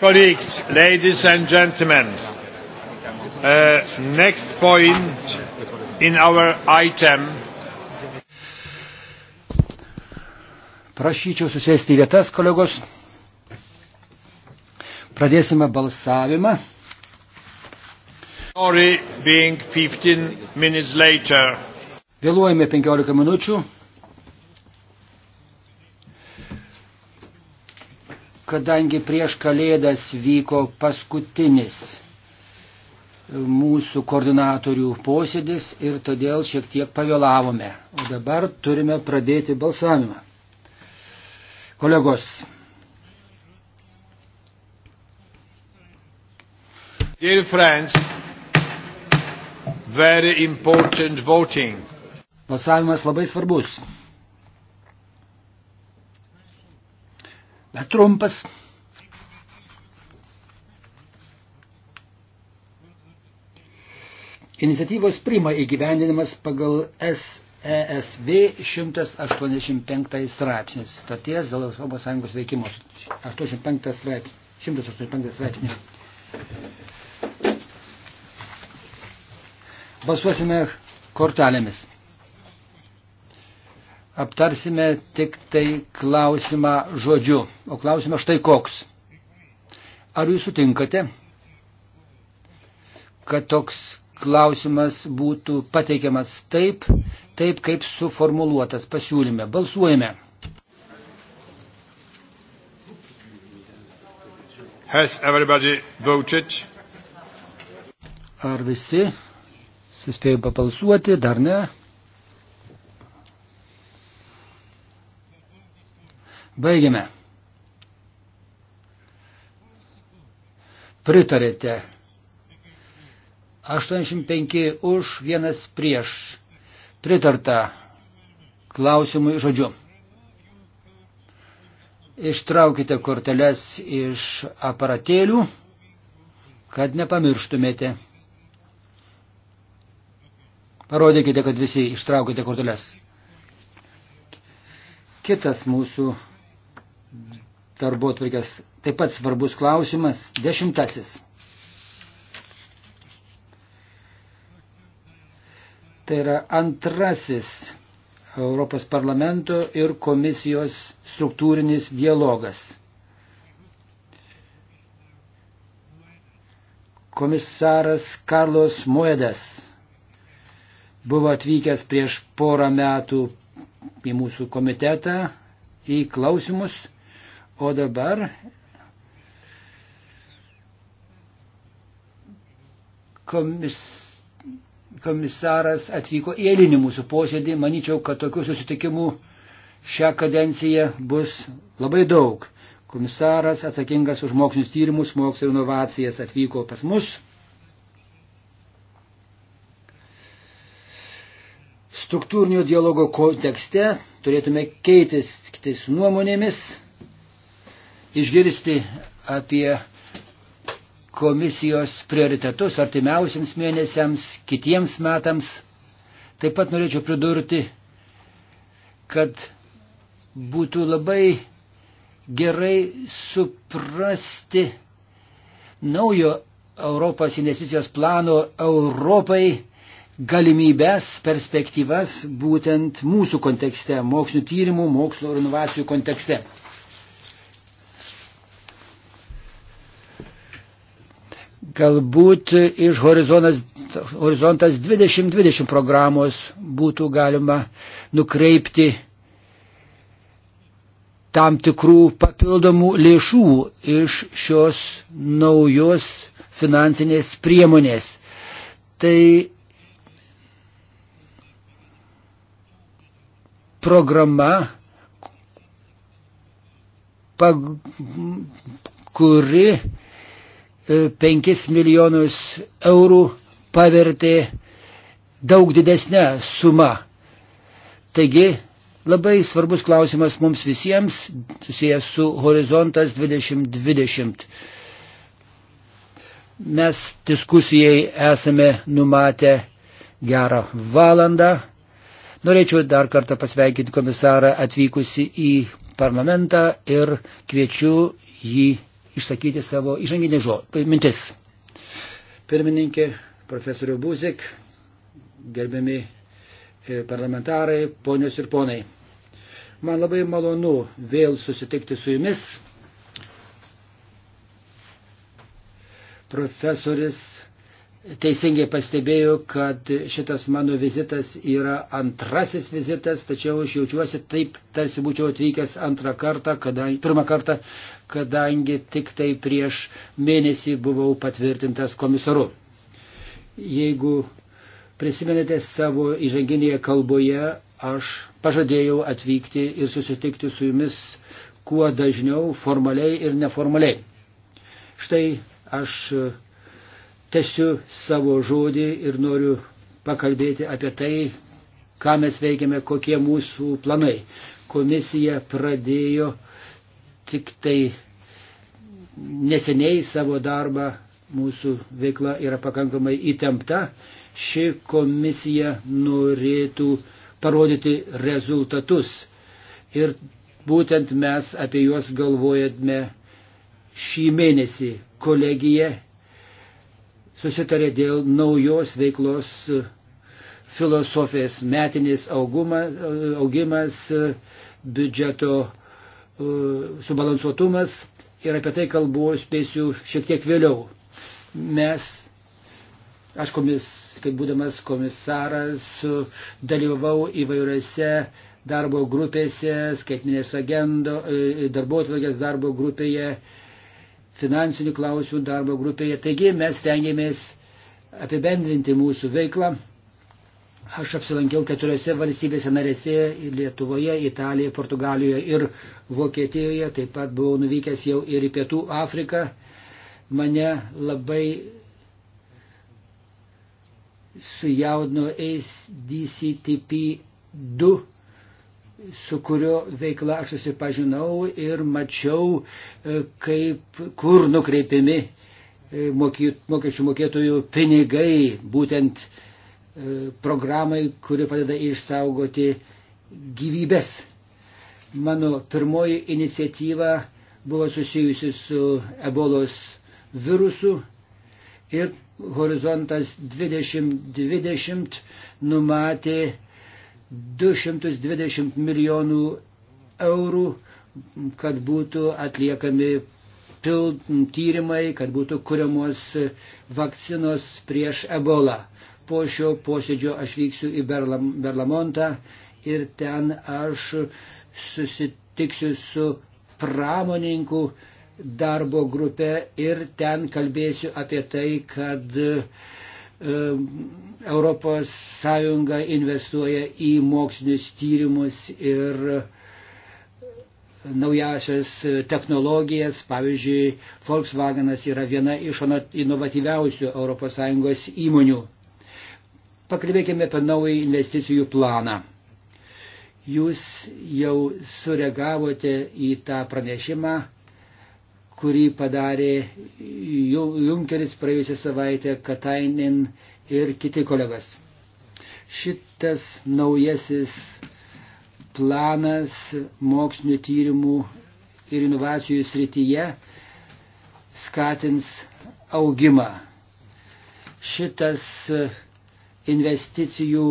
colleagues, ladies and gentlemen, uh, next point in our item. Prašyčiau susėsti į vietas, kolegos. Pradėsime balsavimą. Sorry, being 15 minutes later. Vėluojame 15 minučių. kadangi prieš Kalėdas vyko paskutinis mūsų koordinatorių posėdis ir todėl šiek tiek pavėlavome. O dabar turime pradėti balsavimą. Kolegos. Dear friends, very important voting. Balsavimas labai svarbus. bet trumpas. Iniciatyvos prima įgyvendinimas pagal SESV e 185 straipsnis, staties dėl Europos Sąjungos veikimo 85 straipsnis. 185 straipsnis. Balsuosime kortelėmis aptarsime tik tai klausimą žodžiu. O klausimas štai koks. Ar jūs sutinkate, kad toks klausimas būtų pateikiamas taip, taip kaip suformuluotas pasiūlyme? Balsuojame. Has everybody voted? Ar visi suspėjo papalsuoti, dar ne? Baigiame. Pritarėte. 85 už, vienas prieš. Pritarta klausimui žodžiu. Ištraukite korteles iš aparatėlių, kad nepamirštumėte. Parodykite, kad visi ištraukite korteles. Kitas mūsų darbo atvarkės taip pat svarbus klausimas. Dešimtasis. Tai yra antrasis Europos parlamento ir komisijos struktūrinis dialogas. Komisaras Karlos Moedas buvo atvykęs prieš porą metų į mūsų komitetą į klausimus O dabar komis, komisaras atvyko į eilinį mūsų posėdį. Manyčiau, kad tokių susitikimų šią kadenciją bus labai daug. Komisaras atsakingas už mokslinius tyrimus, mokslo ir inovacijas atvyko pas mus. Struktūrinio dialogo kontekste turėtume keitis nuomonėmis išgirsti apie komisijos prioritetus artimiausiams mėnesiams, kitiems metams. Taip pat norėčiau pridurti, kad būtų labai gerai suprasti naujo Europos investicijos plano Europai galimybės, perspektyvas būtent mūsų kontekste, mokslinio tyrimų, mokslo ir inovacijų kontekste. Galbūt iš horizontas, horizontas 2020 programos būtų galima nukreipti tam tikrų papildomų lėšų iš šios naujos finansinės priemonės. Tai programa, pag, kuri 5 e, milijonus eurų pavertė daug didesnę sumą. Taigi labai svarbus klausimas mums visiems susijęs su horizontas 2020. Mes diskusijai esame numatę gerą valandą. Norėčiau dar kartą pasveikinti komisarą atvykusi į parlamentą ir kviečiu jį išsakyti savo įžanginį žodį, tai mintis. Pirmininkė, profesorių Buzik, gerbiami e, parlamentarai, ponios ir ponai. Man labai malonu vėl susitikti su jumis. Profesoris teisingai pastebėjo, kad šitas mano vizitas yra antrasis vizitas, tačiau aš jaučiuosi taip, tarsi būčiau atvykęs antrą kartą, kadangi, pirmą kartą, kadangi tik tai prieš mėnesį buvau patvirtintas komisaru. Jeigu prisimenate savo įžanginėje kalboje, aš pažadėjau atvykti ir susitikti su jumis kuo dažniau, formaliai ir neformaliai. Štai aš tesiu savo žodį ir noriu pakalbėti apie tai, ką mes veikiame, kokie mūsų planai. Komisija pradėjo tik tai neseniai savo darbą, mūsų veikla yra pakankamai įtempta. Ši komisija norėtų parodyti rezultatus. Ir būtent mes apie juos galvojame šį mėnesį. Kolegija susitarė dėl naujos veiklos e, filosofijos metinis augumas, e, augimas, e, biudžeto subalansuotumas ir apie tai kalbu spėsiu šiek tiek vėliau. Mes, aš komis, kaip būdamas komisaras, dalyvavau įvairiose darbo grupėse, skaitminės agendo, darbo atvarkės darbo grupėje, finansinių klausimų darbo grupėje. Taigi mes tengiamės apibendrinti mūsų veiklą. Aš apsilankiau keturiose valstybėse narėse - Lietuvoje, Italijoje, Portugalijoje ir Vokietijoje. Taip pat buvau nuvykęs jau ir į Pietų Afriką. Mane labai sujaudino ACDCTP 2 su kurio veikla aš susipažinau ir mačiau, e, kaip, kur nukreipiami e, mokesčių mokėtojų pinigai, būtent e, programai, kuri padeda išsaugoti gyvybės. Mano pirmoji iniciatyva buvo susijusi su ebolos virusu ir horizontas 2020 numatė 220 milijonų eurų, kad būtų atliekami pild tyrimai, kad būtų kuriamos vakcinos prieš ebolą. Po šio posėdžio aš vyksiu į Berlam, Berlamontą ir ten aš susitiksiu su pramoninku darbo grupė ir ten kalbėsiu apie tai, kad uh, Europos Sąjunga investuoja į mokslinius tyrimus ir naujasias technologijas. Pavyzdžiui, Volkswagenas yra viena iš inovatyviausių ES įmonių. Pakalbėkime apie naują investicijų planą. Jūs jau sureagavote į tą pranešimą kurį padarė Junkeris praėjusią savaitę, Katainin ir kiti kolegos. Šitas naujasis planas mokslinio tyrimų ir inovacijų srityje skatins augimą. Šitas investicijų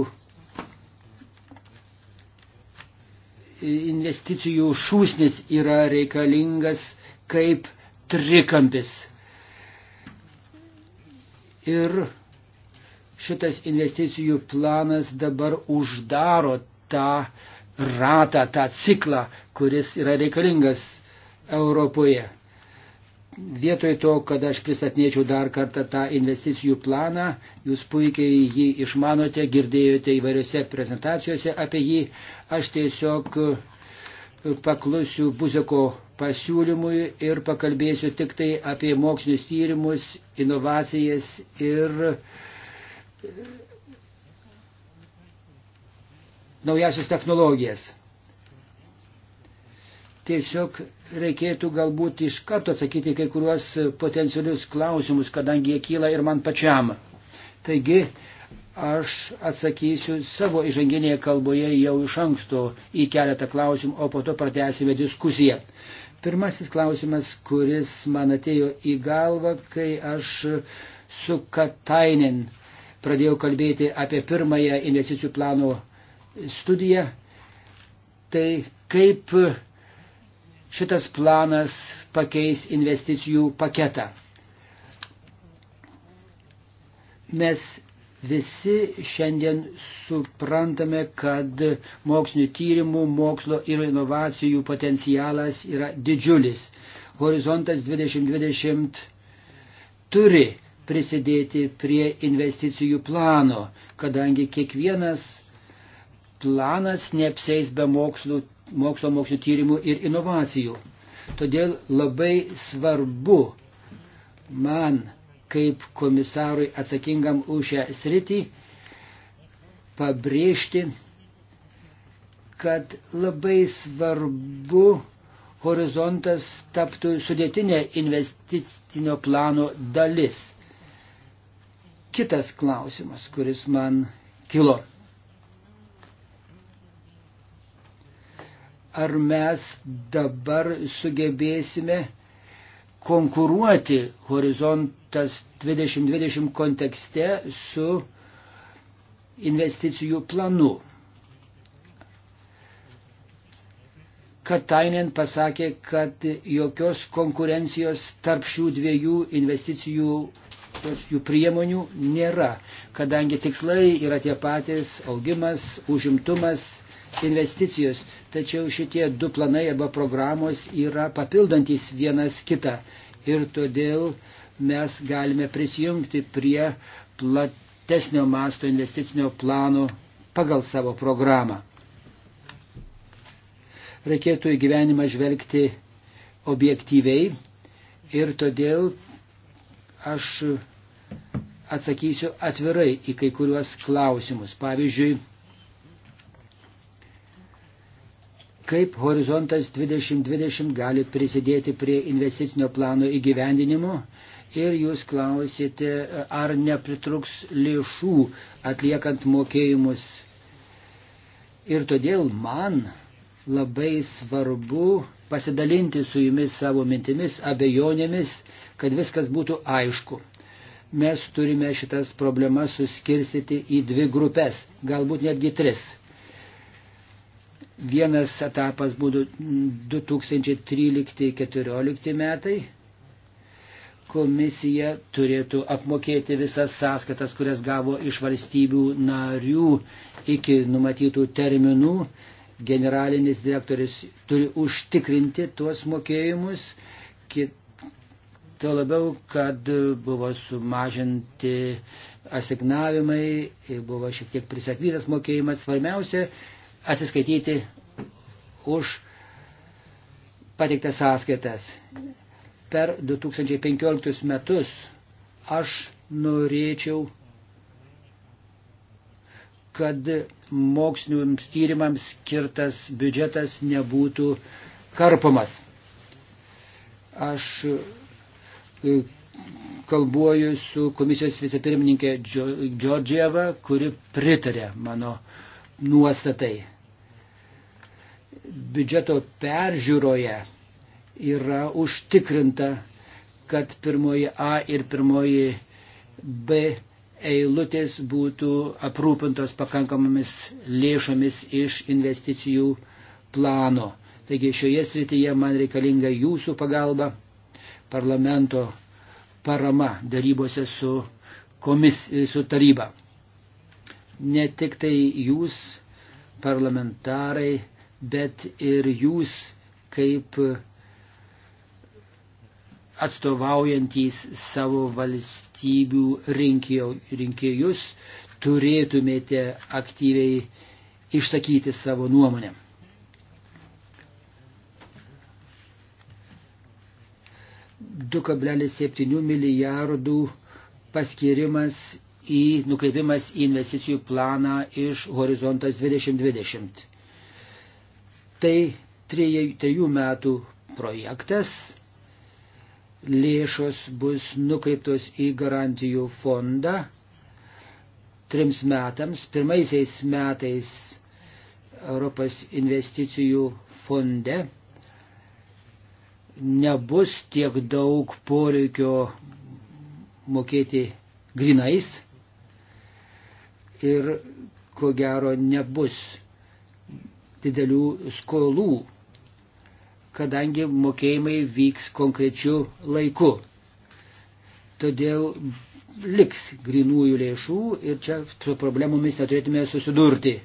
investicijų šūsnis yra reikalingas kaip trikampis. Ir šitas investicijų planas dabar uždaro tą ratą, tą ciklą, kuris yra reikalingas Europoje. Vietoj to, kad aš pristatinėčiau dar kartą tą investicijų planą, jūs puikiai jį išmanote, girdėjote įvairiose prezentacijose apie jį, aš tiesiog paklusiu Buzeko pasiūlymui ir pakalbėsiu tik tai apie mokslinius tyrimus, inovacijas ir e, naujasias technologijas. Tiesiog reikėtų galbūt iš karto atsakyti kai kuriuos potencialius klausimus, kadangi jie kyla ir man pačiam. Taigi, aš atsakysiu savo įžanginėje kalboje jau iš anksto į keletą klausimų, o po to pratęsime diskusiją. Pirmasis klausimas, kuris man atėjo į galvą, kai aš su Katainen pradėjau kalbėti apie pirmąją investicijų plano studiją, tai kaip šitas planas pakeis investicijų paketą. Mes Visi šiandien suprantame, kad mokslinio tyrimų, mokslo ir inovacijų potencialas yra didžiulis. Horizontas 2020 turi prisidėti prie investicijų plano, kadangi kiekvienas planas neapseis be mokslo, mokslo, mokslo tyrimų ir inovacijų. Todėl labai svarbu man kaip komisarui atsakingam už šią sritį pabrėžti, kad labai svarbu horizontas taptų sudėtinė investicinio plano dalis. Kitas klausimas, kuris man kilo. Ar mes dabar sugebėsime konkuruoti horizontas 2020 kontekste su investicijų planu. Katainen pasakė, kad jokios konkurencijos tarp šių dviejų investicijų jų priemonių nėra, kadangi tikslai yra tie patys - augimas, užimtumas, investicijos. Tačiau šitie du planai arba programos yra papildantis vienas kitą. Ir todėl mes galime prisijungti prie platesnio masto investicinio plano pagal savo programą. Reikėtų į gyvenimą žvelgti objektyviai ir todėl aš atsakysiu atvirai į kai kuriuos klausimus. Pavyzdžiui, kaip Horizontas 2020 gali prisidėti prie investicinio plano įgyvendinimo. Ir jūs klausite, ar nepritruks lėšų atliekant mokėjimus. Ir todėl man labai svarbu pasidalinti su jumis savo mintimis, abejonėmis, kad viskas būtų aišku. Mes turime šitas problemas suskirstyti į dvi grupės, galbūt netgi tris. Vienas etapas būtų 2013-2014 metai. Komisija turėtų apmokėti visas sąskaitas, kurias gavo iš valstybių narių iki numatytų terminų. Generalinis direktorius turi užtikrinti tuos mokėjimus. Kit, Tuo labiau, kad buvo sumažinti asignavimai, buvo šiek tiek prisakvytas mokėjimas. Svarbiausia, atsiskaityti už pateiktas sąskaitas. Per 2015 metus aš norėčiau, kad moksliniams tyrimams skirtas biudžetas nebūtų karpomas. Aš e, kalbuoju su komisijos vicepirmininkė Džordžieva, kuri pritarė mano uh, nuostatai. Biudžeto peržiūroje yra užtikrinta, kad pirmoji A ir pirmoji B eilutės būtų aprūpintos pakankamomis lėšomis iš investicijų plano. Taigi šioje srityje man reikalinga jūsų pagalba, parlamento parama darybose su, komis, su taryba ne tik tai jūs, parlamentarai, bet ir jūs kaip atstovaujantys savo valstybių rinkėjus turėtumėte aktyviai išsakyti savo nuomonę. Du kablelis septynių milijardų paskirimas į nukreipimas į investicijų planą iš horizontas 2020. Tai trejų metų projektas, lėšos bus nukreiptos į garantijų fondą trims metams. Pirmaisiais metais Europos investicijų fonde nebus tiek daug poreikio mokėti grinais, ir ko gero nebus didelių skolų, kadangi mokėjimai vyks konkrečiu laiku. Todėl liks grinųjų lėšų ir čia su problemomis neturėtume susidurti.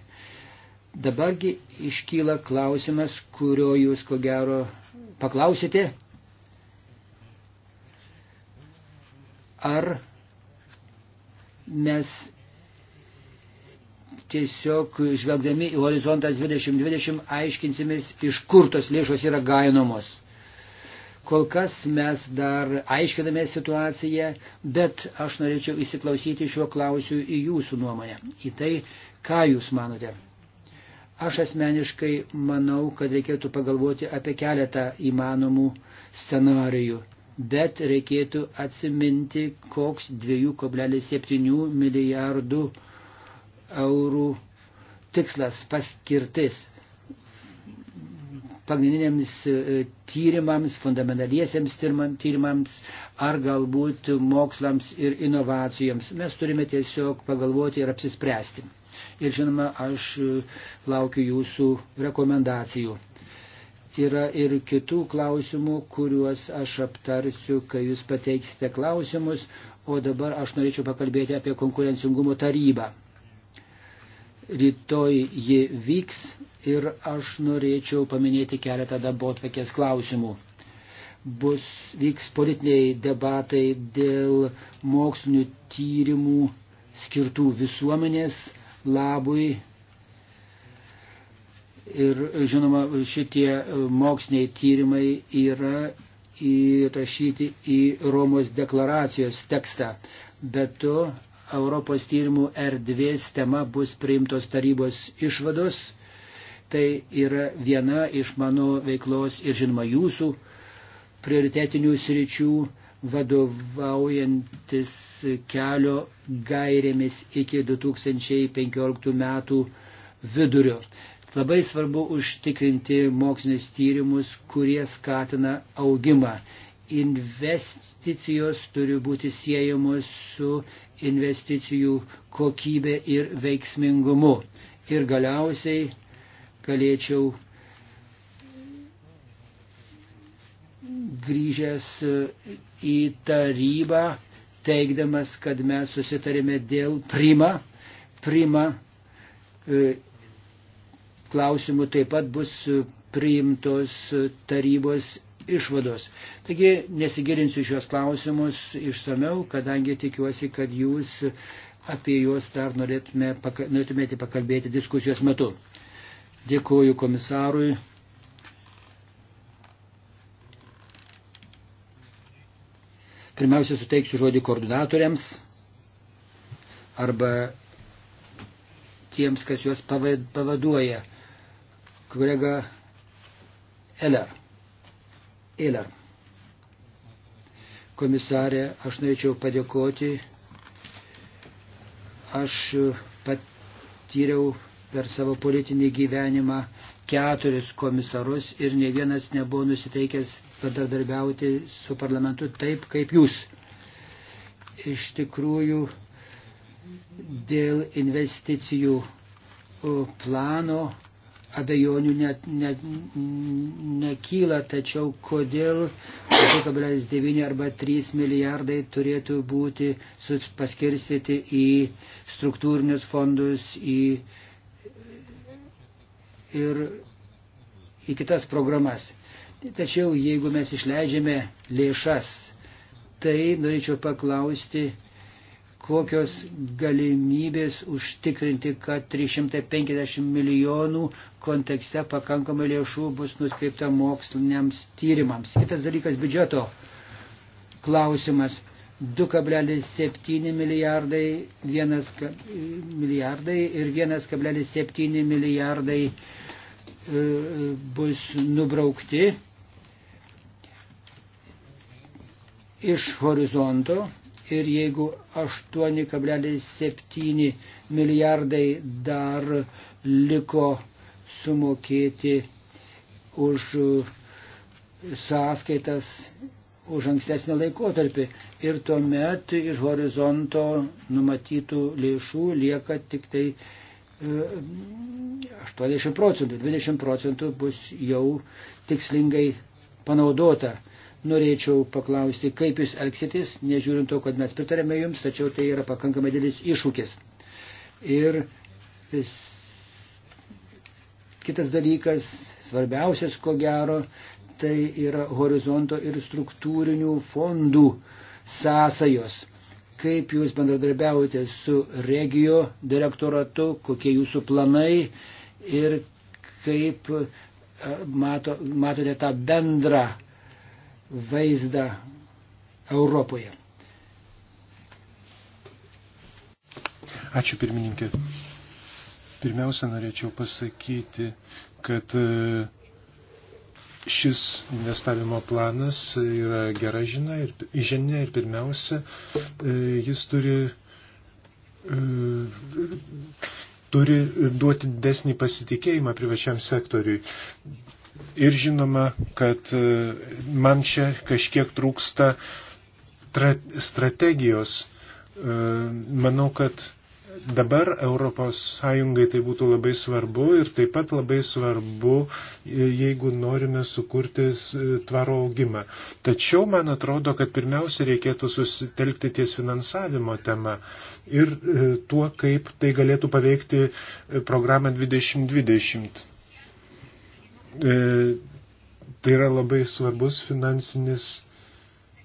Dabargi iškyla klausimas, kurio jūs ko gero paklausite. Ar mes tiesiog žvelgdami į horizontą 2020 aiškinsimės, iš kur tos lėšos yra gainamos. Kol kas mes dar aiškiname situaciją, bet aš norėčiau įsiklausyti šiuo klausiu į jūsų nuomonę, į tai, ką jūs manote. Aš asmeniškai manau, kad reikėtų pagalvoti apie keletą įmanomų scenarijų, bet reikėtų atsiminti, koks 2,7 milijardų eurų eurų tikslas paskirtis pagrindiniams e, tyrimams, fundamentaliesiams tyrimams ar galbūt mokslams ir inovacijoms. Mes turime tiesiog pagalvoti ir apsispręsti. Ir žinoma, aš e, laukiu jūsų rekomendacijų. Yra ir kitų klausimų, kuriuos aš aptarsiu, kai jūs pateiksite klausimus, o dabar aš norėčiau pakalbėti apie konkurencingumo tarybą. Rytoj ji vyks ir aš norėčiau paminėti keletą darbotvarkės klausimų. Bus vyks politiniai debatai dėl mokslinių tyrimų skirtų visuomenės labui. Ir žinoma, šitie moksliniai tyrimai yra įrašyti į Romos deklaracijos tekstą. Bet to Europos tyrimų erdvės tema bus priimtos tarybos išvados. Tai yra viena iš mano veiklos ir žinoma jūsų prioritetinių sričių vadovaujantis kelio gairėmis iki 2015 metų vidurio. Labai svarbu užtikrinti mokslinis tyrimus, kurie skatina augimą investicijos turi būti siejamos su investicijų kokybė ir veiksmingumu. Ir galiausiai galėčiau grįžęs į tarybą, teikdamas, kad mes susitarėme dėl prima. Prima e, klausimų taip pat bus priimtos tarybos išvados. Taigi nesigilinsiu šios klausimus išsameu, kadangi tikiuosi, kad jūs apie juos dar norėtume, norėtumėte pakalbėti diskusijos metu. Dėkuoju komisarui. Pirmiausia, suteiksiu žodį koordinatoriams arba tiems, kas juos pavaduoja. Kolega Eller. Eiler. Komisarė, aš norėčiau padėkoti. Aš e, patyriau per savo politinį gyvenimą keturis komisarus ir ne vienas nebuvo nusiteikęs bendradarbiauti su parlamentu taip, kaip jūs. Iš tikrųjų, dėl investicijų plano abejonių net, net nekyla, tačiau kodėl 2,9 arba 3 milijardai turėtų būti paskirstyti į struktūrinius fondus į, ir į kitas programas. Tačiau jeigu mes išleidžiame lėšas, tai norėčiau paklausti, kokios galimybės užtikrinti, kad 350 milijonų kontekste pakankamai lėšų bus nuskreipta moksliniams tyrimams. Kitas dalykas - biudžeto klausimas. 2,7 milijardai, 1 milijardai ir 1,7 milijardai e, e, bus nubraukti iš horizonto ir jeigu 8,7 milijardai dar liko sumokėti už sąskaitas už ankstesnį laikotarpį ir tuomet iš horizonto numatytų lėšų lieka tik tai 80 e, procentų, 20 procentų bus jau tikslingai panaudota norėčiau paklausti, kaip jūs elgsitės, nežiūrint to, kad mes pritarėme jums, tačiau tai yra pakankamai didelis iššūkis. Ir vis... kitas dalykas, svarbiausias ko gero, tai yra horizonto ir struktūrinių fondų sąsajos. Kaip jūs bendradarbiaujate su regio direktoratu, kokie jūsų planai ir kaip mato, matote tą bendrą vaizdą Europoje. Ačiū pirmininkė. Pirmiausia, norėčiau pasakyti, kad e, šis investavimo planas yra gera žinia ir, žinia ir pirmiausia, e, jis turi, e, turi duoti didesnį pasitikėjimą privačiam sektoriui. Ir žinoma, kad e, man čia kažkiek trūksta strategijos. E, manau, kad dabar ES tai būtų labai svarbu ir taip pat labai svarbu, e, jeigu norime sukurti tvaro augimą. Tačiau man atrodo, kad pirmiausia reikėtų susitelkti ties finansavimo tema ir tuo, kaip tai galėtų paveikti programą 2020. E, tai yra labai svarbus finansinis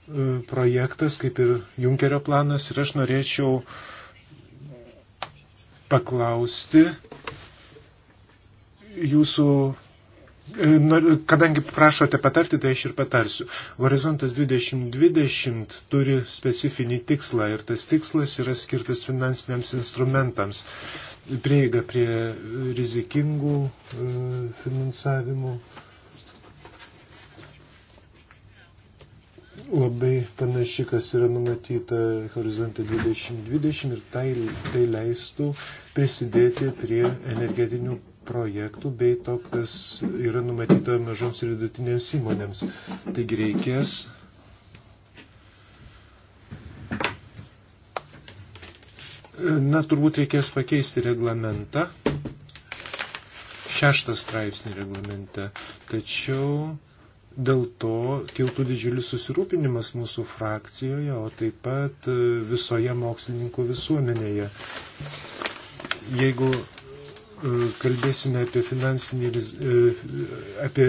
e, projektas, kaip ir Junkerio planas. Ir aš norėčiau paklausti jūsų Kadangi prašote patarti, tai aš ir patarsiu. Horizontas 2020 turi specifinį tikslą ir tas tikslas yra skirtas finansiniams instrumentams. Prieiga prie rizikingų e, finansavimų. Labai panaši, kas yra numatyta Horizonte 2020 ir tai, tai leistų prisidėti prie energetinių projektų, bei to, kas yra numatyta mažoms ir vidutinėms įmonėms. Taigi reikės Na, turbūt reikės pakeisti reglamentą, šeštą straipsnį reglamente, tačiau dėl to kiltų didžiulis susirūpinimas mūsų frakcijoje, o taip pat visoje mokslininkų visuomenėje. Jeigu E, kalbėsime apie, e, apie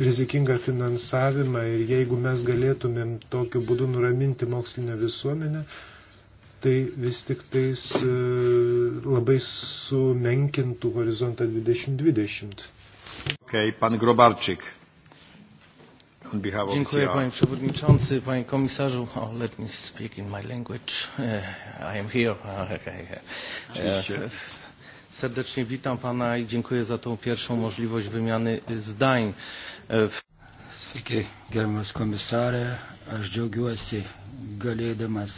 rizikingą finansavimą ir jeigu mes galėtumėm tokiu būdu nuraminti mokslinę visuomenę, tai vis tik tais e, labai sumenkintų horizontą 2020. Okay, pan Grobarczyk. Dziękuję panie przewodniczący, panie komisarzu. Oh, let me speak in my language. Uh, I am here. Uh, okay. Uh, Serdecznie witam Pana i dziękuję za tą pierwszą możliwość wymiany zdań. E, Sveiki, gerbiamas komisarė, aš džiaugiuosi galėdamas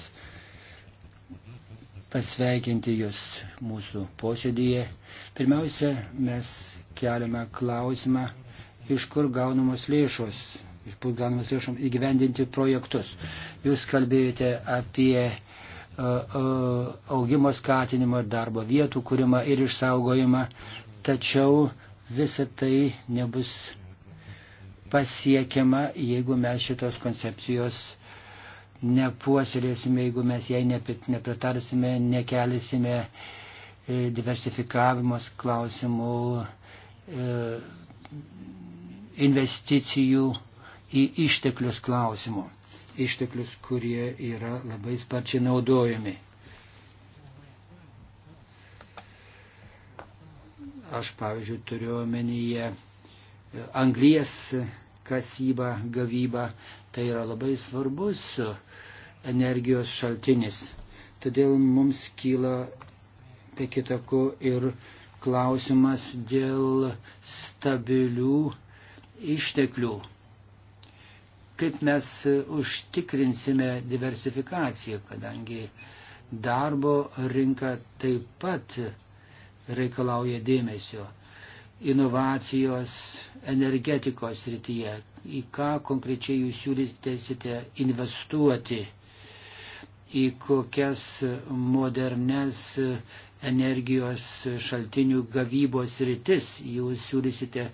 pasveikinti Jūs mūsų posėdyje. Pirmiausia, mes keliame klausimą, iš kur gaunamos lėšos, iš kur gaunamos lėšom įgyvendinti projektus. Jūs kalbėjote apie E, e, augimo skatinimą, darbo vietų kūrimą ir išsaugojimą, tačiau visa tai nebus pasiekiama, jeigu mes šitos koncepcijos nepuoselėsime, jeigu mes jai nepritarsime, nekelisime e, diversifikavimos klausimų, investicijų į išteklius klausimų išteklius, kurie yra labai sparčiai naudojami. Aš, pavyzdžiui, turiu omenyje e, anglies kasybą, gavybą. Tai yra labai svarbus energijos šaltinis. Todėl mums kyla, be kitako, ir klausimas dėl stabilių išteklių kaip mes užtikrinsime diversifikaciją, kadangi darbo rinka taip pat reikalauja dėmesio. Inovacijos energetikos srityje, į ką konkrečiai jūs siūlysite investuoti, į kokias modernes energijos šaltinių gavybos rytis. Jūs siūlysite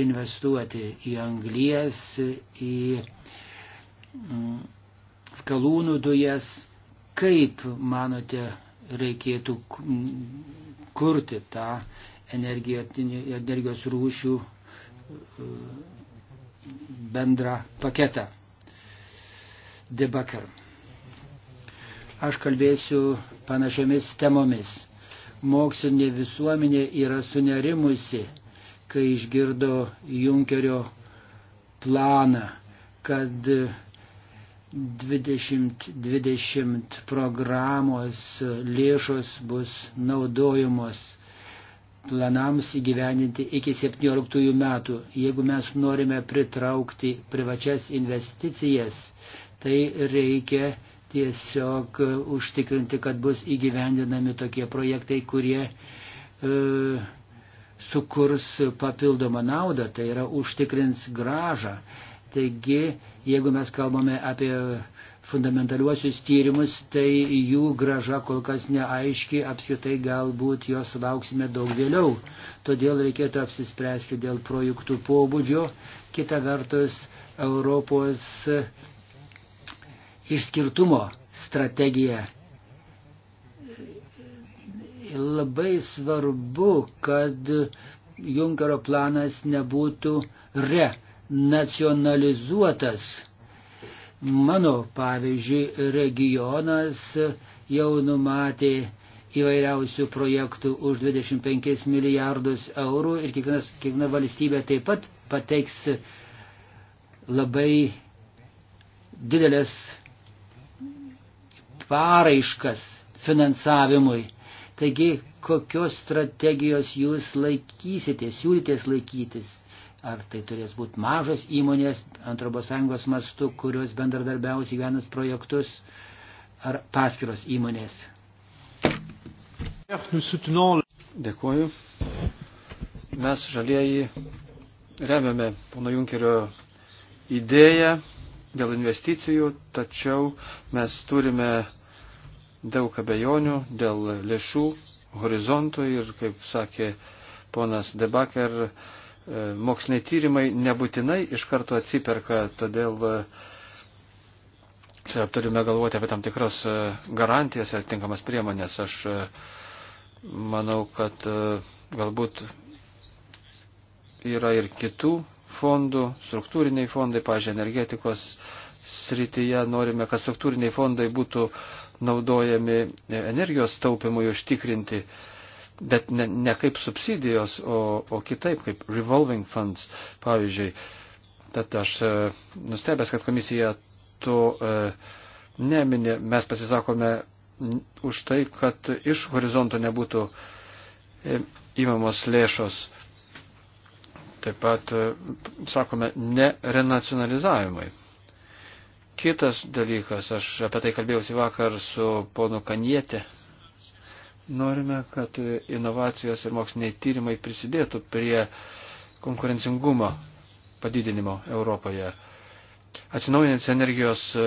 investuoti į anglijas, į mm, skalūnų dujas. Kaip manote, reikėtų mm, kurti tą energijos rūšių mm, bendrą paketą? Debakar. Aš kalbėsiu panašiomis temomis mokslinė visuomenė yra sunerimusi, kai išgirdo Junkerio planą, kad 2020 programos lėšos bus naudojamos planams įgyveninti iki 17 metų. Jeigu mes norime pritraukti privačias investicijas, tai reikia tiesiog e, užtikrinti, kad bus įgyvendinami tokie projektai, kurie e, sukurs papildomą naudą, tai yra užtikrins gražą. Taigi, jeigu mes kalbame apie fundamentaliuosius tyrimus, tai jų graža kol kas neaiški, apskritai galbūt jos lauksime daug vėliau. Todėl reikėtų apsispręsti dėl projektų pobūdžio. Kita vertus, Europos išskirtumo strategija. Labai svarbu, kad Junkero planas nebūtų renacionalizuotas. Mano, pavyzdžiui, regionas jau numatė įvairiausių projektų už 25 milijardus eurų ir kiekvienas, kiekviena valstybė taip pat pateiks labai didelės paraiškas finansavimui. Taigi, kokios strategijos jūs laikysite, siūlytės laikytis? Ar tai turės būti mažos įmonės ES mastu, kurios bendradarbiausi vienas projektus, ar paskiros įmonės? Dėkuoju. Mes žalieji remiame pono Junkerio idėją dėl investicijų, tačiau mes turime daug abejonių dėl lėšų horizontų ir, kaip sakė ponas Debaker, e, moksliniai tyrimai nebūtinai iš karto atsiperka, todėl e, čia turime galvoti apie tam tikras e, garantijas ir tinkamas priemonės. Aš manau, kad galbūt yra ir kitų fondų, struktūriniai fondai, pažiūrėjau, energetikos srityje norime, kad struktūriniai fondai būtų naudojami energijos taupimui užtikrinti, bet ne, ne kaip subsidijos, o, o kitaip, kaip revolving funds, pavyzdžiui. Tad aš e, nustebęs, kad komisija to e, neminė, mes pasisakome už tai, kad iš horizonto nebūtų įmamos e, lėšos Taip pat e, sakome ne renacionalizavimui. Kitas dalykas, aš apie tai kalbėjausi vakar su ponu Kanietė. Norime, kad inovacijos ir moksliniai tyrimai prisidėtų prie konkurencingumo padidinimo Europoje. Atsinaujinantis energijos e,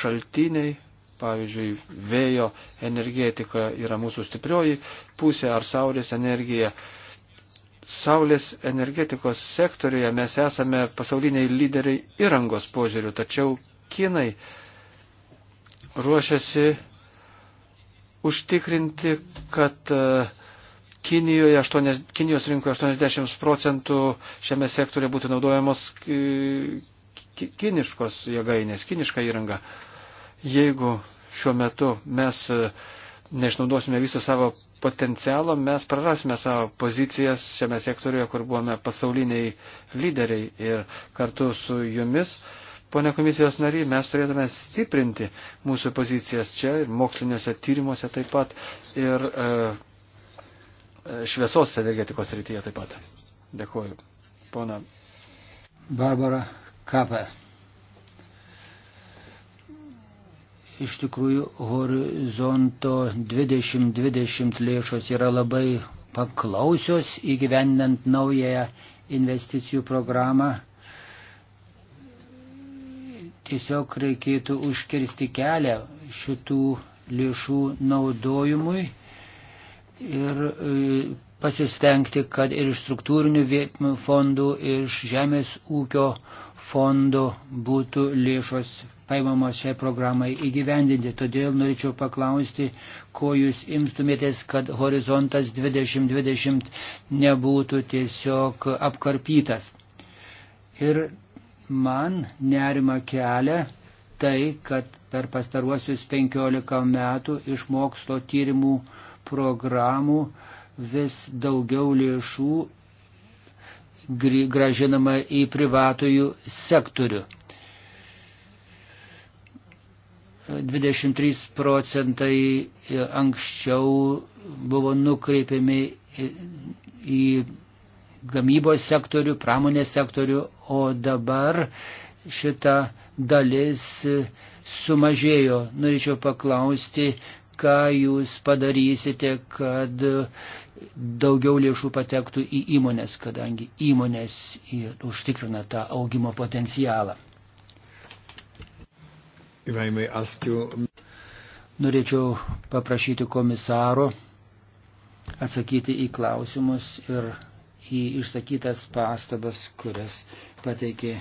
šaltiniai, pavyzdžiui, vėjo energetika yra mūsų stiprioji pusė ar saulės energija saulės energetikos sektoriuje mes esame pasauliniai lyderiai įrangos požiūrių, tačiau kinai ruošiasi užtikrinti, kad e, Kinijoje, 8, Kinijos rinkoje 80 procentų šiame sektorė būtų naudojamos e, kiniškos jėgainės, kiniška įranga. Jeigu šiuo metu mes e, neišnaudosime viso savo potencialo, mes prarasime savo pozicijas šiame sektoriuje, kur buvome pasauliniai lyderiai. Ir kartu su jumis, ponė komisijos nariai, mes turėtume stiprinti mūsų pozicijas čia ir moksliniuose tyrimuose taip pat ir e, e šviesos energetikos rytyje taip pat. Dėkuoju. Pona. Barbara Kapa. Iš tikrųjų, horizonto 2020 lėšos yra labai paklausios įgyvendinant naująją investicijų programą. Tiesiog reikėtų užkirsti kelią šitų lėšų naudojimui ir e, pasistengti, kad ir iš struktūrinių fondų, iš žemės ūkio fondo būtų lėšos paimamos šiai programai įgyvendinti. Todėl norėčiau paklausti, ko jūs imstumėtės, kad horizontas 2020 nebūtų tiesiog apkarpytas. Ir man nerima kelia tai, kad per pastaruosius 15 metų iš mokslo tyrimų programų vis daugiau lėšų gražinama į privatojų sektorių. 23 procentai anksčiau buvo nukreipiami į gamybos sektorių, pramonės sektorių, o dabar šita dalis sumažėjo. Norėčiau paklausti, ką jūs padarysite, kad daugiau lėšų patektų į įmonės, kadangi įmonės užtikrina tą augimo potencialą. Um, Norėčiau paprašyti komisaro atsakyti į klausimus ir į išsakytas pastabas, kurias pateikė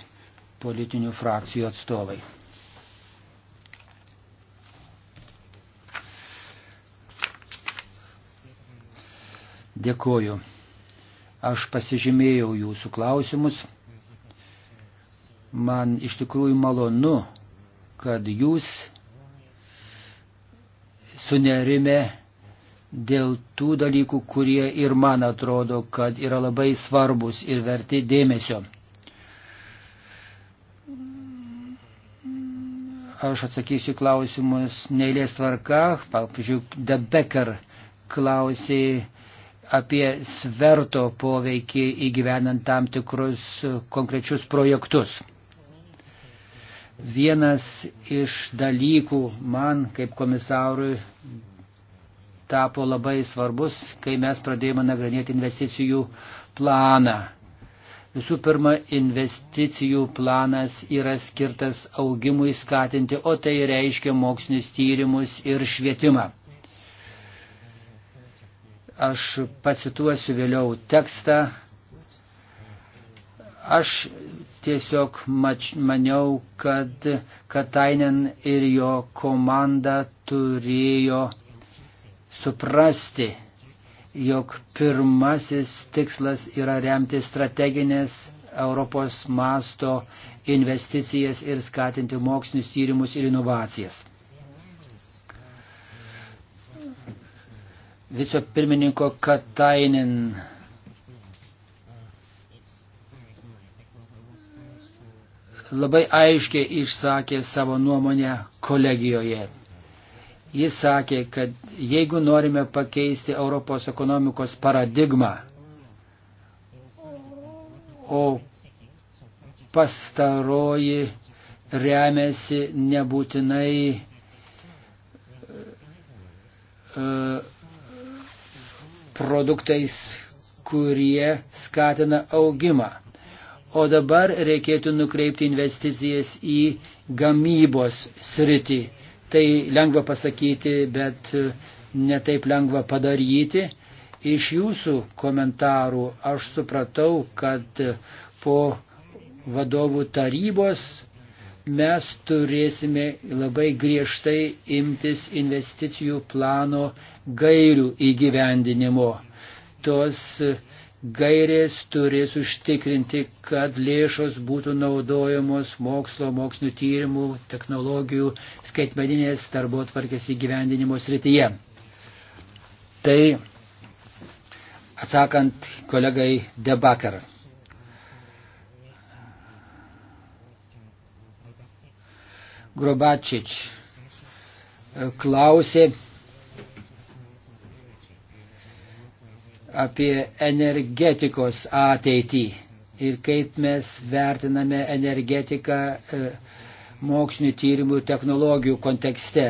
politinių frakcijų atstovai. Dėkoju. Aš pasižymėjau jūsų klausimus. Man iš tikrųjų malonu, kad jūs sunerime dėl tų dalykų, kurie ir man atrodo, kad yra labai svarbus ir verti dėmesio. Aš atsakysiu klausimus neįlės tvarka. Pavyzdžiui, Debecker klausė apie sverto poveikį įgyvenant tam tikrus konkrečius projektus. Vienas iš dalykų man kaip komisarui tapo labai svarbus, kai mes pradėjome nagrinėti investicijų planą. Visų pirma, investicijų planas yra skirtas augimui skatinti, o tai reiškia mokslinis tyrimus ir švietimą. Aš pacituosiu vėliau tekstą. Aš tiesiog mač, maniau, kad Katainen ir jo komanda turėjo suprasti, jog pirmasis tikslas yra remti strateginės Europos masto investicijas ir skatinti mokslinius tyrimus ir inovacijas. viso pirmininko Katainin. Labai aiškiai išsakė savo nuomonę kolegijoje. Jis sakė, kad jeigu norime pakeisti Europos ekonomikos paradigmą, o pastaroji remiasi nebūtinai uh, produktais, kurie skatina augimą. O dabar reikėtų nukreipti investicijas į gamybos sritį. Tai lengva pasakyti, bet e, netaip lengva padaryti. Iš jūsų komentarų aš supratau, kad e, po vadovų tarybos mes turėsime labai griežtai imtis investicijų plano gairių įgyvendinimo. Tos gairės turės užtikrinti, kad lėšos būtų naudojamos mokslo, mokslinių tyrimų, technologijų, skaitmeninės darbo tvarkės įgyvendinimo srityje. Tai atsakant kolegai Debakarą. Grobačič e, klausė apie energetikos ateitį ir kaip mes vertiname energetiką e, mokslinio tyrimų ir technologijų kontekste.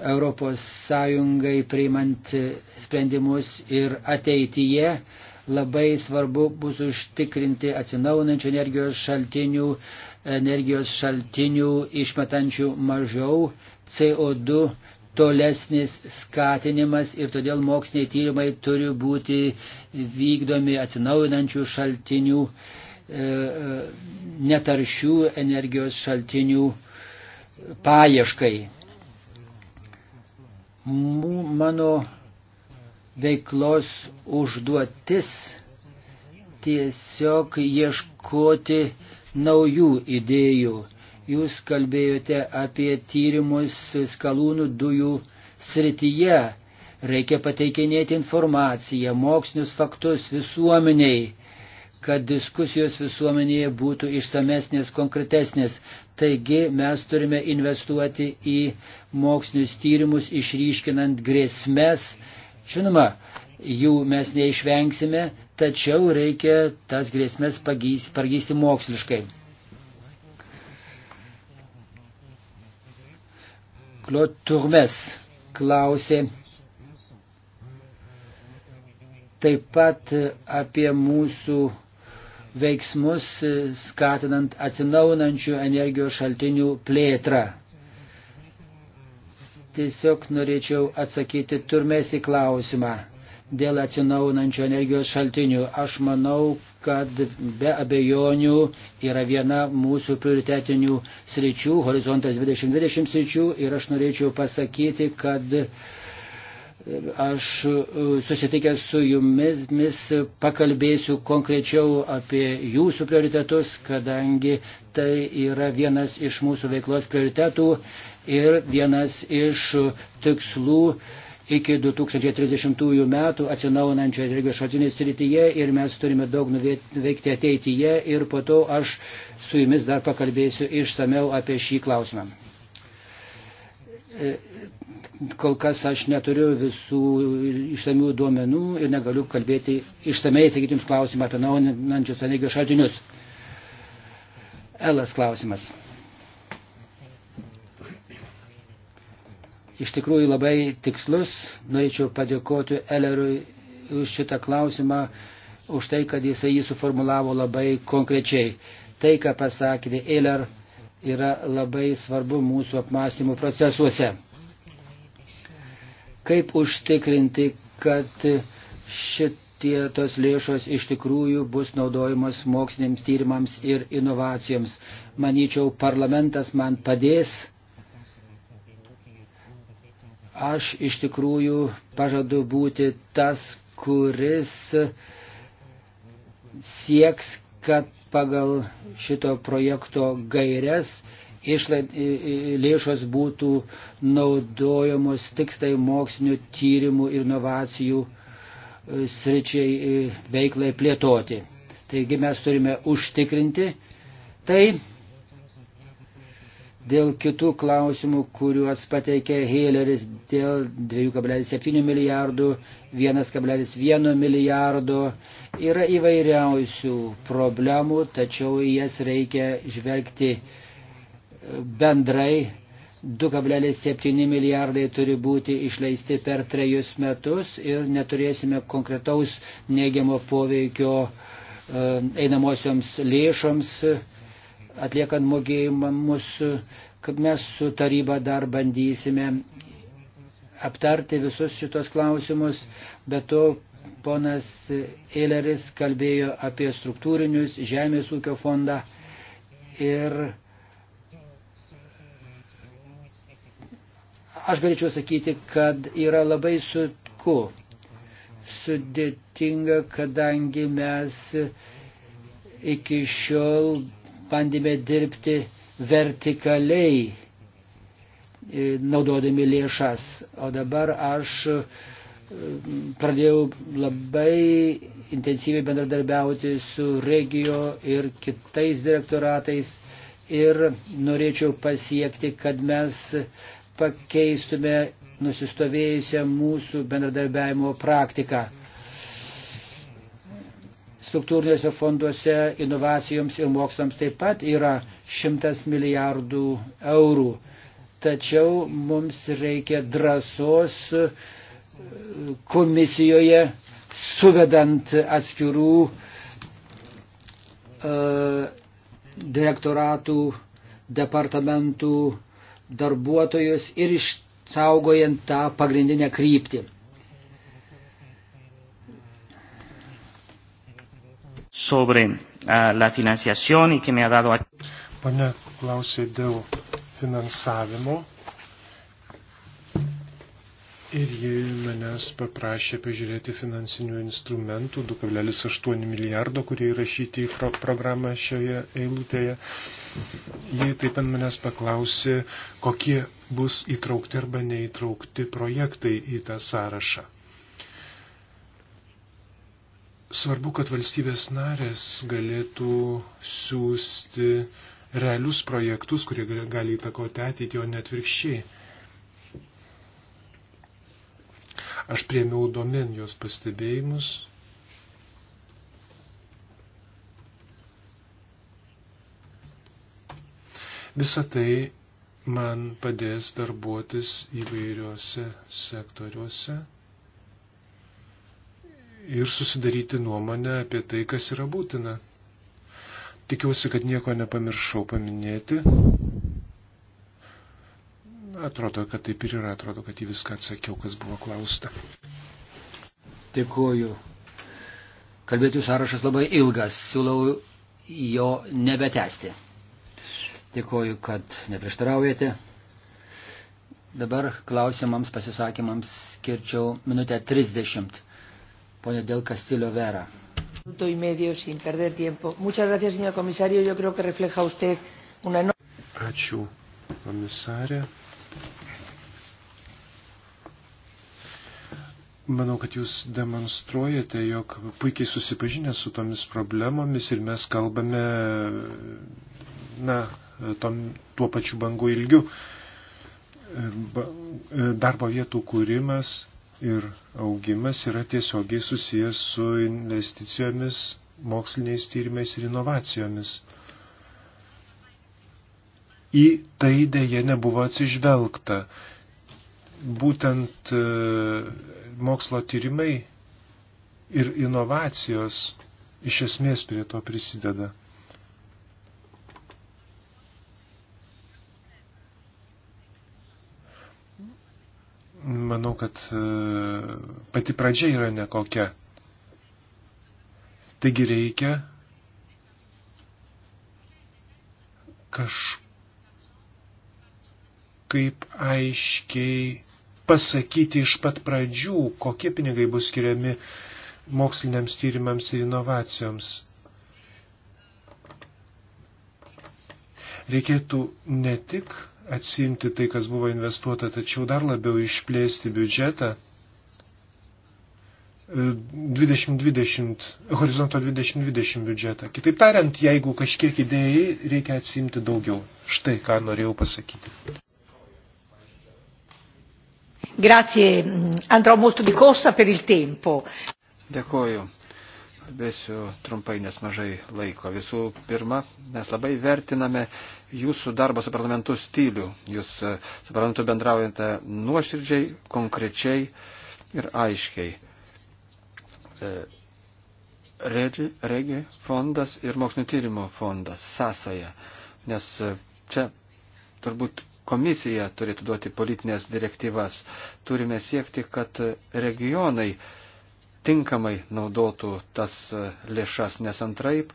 Europos Sąjungai priimant sprendimus ir ateityje labai svarbu bus užtikrinti atsinaunančių energijos šaltinių uh, energijos šaltinių išmetančių mažiau, CO2 tolesnis skatinimas ir todėl moksliniai tyrimai turi būti vykdomi atsinaujinančių šaltinių, e, e, netaršių energijos šaltinių paieškai. Mano veiklos užduotis tiesiog ieškoti naujų idėjų. Jūs kalbėjote apie tyrimus skalūnų dujų srityje. Reikia pateikinėti informaciją, mokslinius faktus visuomeniai, kad diskusijos visuomenėje būtų išsamesnės, konkretesnės. Taigi mes turime investuoti į mokslinius tyrimus, išryškinant grėsmės. Žinoma, jų mes neišvengsime, tačiau reikia tas grėsmės pagysti moksliškai. Klot Turmes klausė taip pat apie mūsų veiksmus skatinant atsinaunančių energijos šaltinių plėtrą. Tiesiog norėčiau atsakyti turmės į klausimą dėl atsinaunančio energijos šaltinių. Aš manau, kad be abejonių yra viena mūsų prioritetinių sričių, horizontas 2020 sričių ir aš norėčiau pasakyti, kad aš e, susitikęs su jumis mis pakalbėsiu konkrečiau apie jūsų prioritetus, kadangi tai yra vienas iš mūsų veiklos prioritetų ir vienas iš tikslų iki 2030 metų atsinaunančio energijos šaltinės srityje ir mes turime daug nuveikti ateityje ir po to aš su jumis dar pakalbėsiu išsameu apie šį klausimą. E, kol kas aš neturiu visų išsamių duomenų ir negaliu kalbėti išsamei, sakyti jums klausimą apie naunančius energijos šaltinius. Elas klausimas. iš tikrųjų labai tikslus. Norėčiau padėkoti Elerui už šitą klausimą, už tai, kad jisai jį suformulavo labai konkrečiai. Tai, ką pasakė Eler, yra labai svarbu mūsų apmąstymų procesuose. Kaip užtikrinti, kad šitie tos lėšos iš tikrųjų bus naudojamos moksliniams tyrimams ir inovacijoms. Manyčiau, parlamentas man padės Aš iš tikrųjų pažadu būti tas, kuris sieks, kad pagal šito projekto gairias išlaid, lėšos būtų naudojamos tik tai mokslinio tyrimų ir inovacijų e, sričiai e, veiklai plėtoti. Taigi mes turime užtikrinti tai, dėl kitų klausimų, kuriuos pateikė Heileris, dėl 2,7 milijardų, 1,1 milijardo, yra įvairiausių problemų, tačiau į jas reikia žvelgti e, bendrai. 2,7 milijardai turi būti išleisti per trejus metus ir neturėsime konkretaus neigiamo poveikio e, einamosioms lėšoms. E, atliekant mokėjimus, kad mes su taryba dar bandysime aptarti visus šitos klausimus, bet to ponas Eileris kalbėjo apie struktūrinius žemės ūkio fondą ir aš galėčiau sakyti, kad yra labai sutku, sudėtinga, kadangi mes iki šiol bandėme dirbti vertikaliai, e, naudodami lėšas. O dabar aš e, pradėjau labai intensyviai bendradarbiauti su regio ir kitais direktoratais ir norėčiau pasiekti, kad mes pakeistume nusistovėjusią mūsų bendradarbiavimo praktiką struktūriniuose fonduose inovacijoms ir mokslams taip pat yra 100 milijardų eurų. Tačiau mums reikia drąsos komisijoje suvedant atskirų uh, direktoratų, departamentų darbuotojus ir išsaugojant tą pagrindinę kryptį. sobre uh, la financiación y que me ha dado. Pane klausė dėl finansavimo ir ji manęs paprašė pažiūrėti finansinių instrumentų 2,8 milijardo, kurie įrašyti į programą šioje eilutėje. Ji taip pat manęs paklausė, kokie bus įtraukti arba neįtraukti projektai į tą sąrašą. Svarbu, kad valstybės narės galėtų siūsti realius projektus, kurie gali įtakoti ateitį, o net virkščiai. Aš priemiau domen jos pastebėjimus. Visą tai man padės darbuotis įvairiuose sektoriuose ir susidaryti nuomonę apie tai, kas yra būtina. Tikiuosi, kad nieko nepamiršau paminėti. Atrodo, kad taip ir yra, atrodo, kad į viską atsakiau, kas buvo klausta. Dėkuoju. Kalbėtojų sąrašas labai ilgas, siūlau jo nebetesti. Dėkuoju, kad neprieštaraujate. Dabar klausimams, pasisakymams skirčiau minutę 30. Pone Del Castillo Vera. Y medio sin perder tiempo. Muchas gracias, señor comisario. Yo creo que refleja usted una enorme. Ačiū, komisarė. Manau, kad jūs demonstruojate, jog puikiai susipažinę su tomis problemomis ir mes kalbame, na, tom, tuo pačiu bangu ilgiu. Darbo vietų kūrimas, ir augimas yra tiesiogiai susijęs su investicijomis, moksliniais tyrimais ir inovacijomis. Į tai dėje nebuvo atsižvelgta. Būtent e, mokslo tyrimai ir inovacijos iš esmės prie to prisideda. E, pati pradžia yra nekokia. Taigi reikia kažkaip aiškiai pasakyti iš pat pradžių, kokie pinigai bus skiriami moksliniams tyrimams ir inovacijoms. Reikėtų ne tik atsimti tai, kas buvo investuota, tačiau dar labiau išplėsti biudžetą. 2020, e, horizonto 2020 biudžetą. Kitaip tariant, jeigu kažkiek idėjai, reikia atsimti daugiau. Štai ką norėjau pasakyti. Grazie, andrò molto di corsa per il tempo. Dėkuoju kalbėsiu trumpai, nes mažai laiko. Visų pirma, mes labai vertiname jūsų darbo su parlamentu stilių. Jūs e, su parlamentu bendraujate nuoširdžiai, konkrečiai ir aiškiai. E, regi, regi fondas ir mokslinio tyrimo fondas sąsaja. Nes e, čia turbūt komisija turėtų duoti politinės direktyvas. Turime siekti, kad regionai tinkamai naudotų tas e, lėšas, nes antraip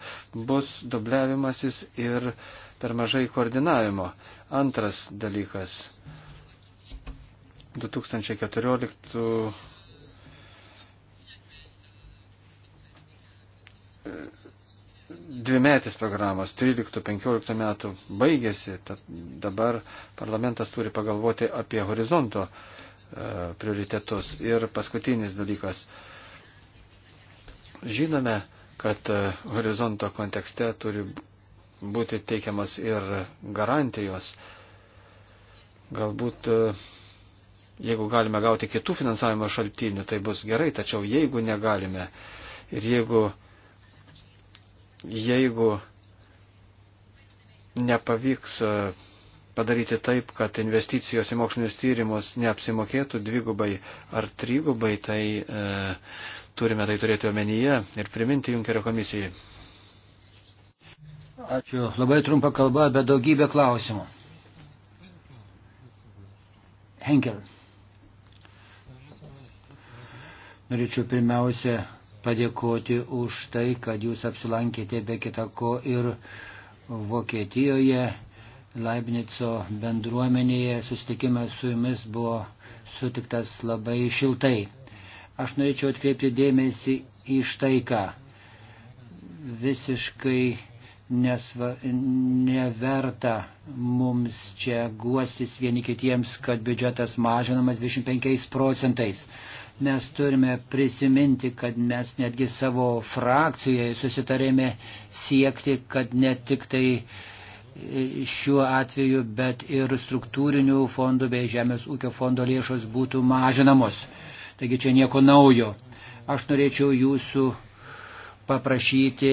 bus dubliavimasis ir per mažai koordinavimo. Antras dalykas. 2014 e, dvimetės programos 13-15 metų baigėsi, tad dabar parlamentas turi pagalvoti apie horizonto e, prioritetus. Ir paskutinis dalykas. E, Žinome, kad e, horizonto kontekste turi būti teikiamas ir garantijos. Galbūt, e, jeigu galime gauti kitų finansavimo šaltinių, tai bus gerai, tačiau jeigu negalime ir jeigu, jeigu nepavyks e, padaryti taip, kad investicijos į mokslinius tyrimus neapsimokėtų dvigubai ar trigubai, tai e, Turime tai turėti omenyje ir priminti Junkerio komisijai. Ačiū. Labai trumpa kalba, bet daugybė klausimų. Henkel. Norėčiau pirmiausia padėkoti už tai, kad jūs apsilankėte be kitako ir Vokietijoje, Leibnico bendruomenėje. Susitikimas su jumis buvo sutiktas labai šiltai aš norėčiau atkreipti dėmesį į štai ką. Visiškai nesva, neverta mums čia guostis vieni kitiems, kad biudžetas mažinamas 25 procentais. Mes turime prisiminti, kad mes netgi savo frakcijoje susitarėme siekti, kad ne tik tai e, šiuo atveju, bet ir struktūrinių fondų bei Žemės ūkio fondo lėšos būtų mažinamos. Taigi čia nieko naujo. Aš norėčiau jūsų paprašyti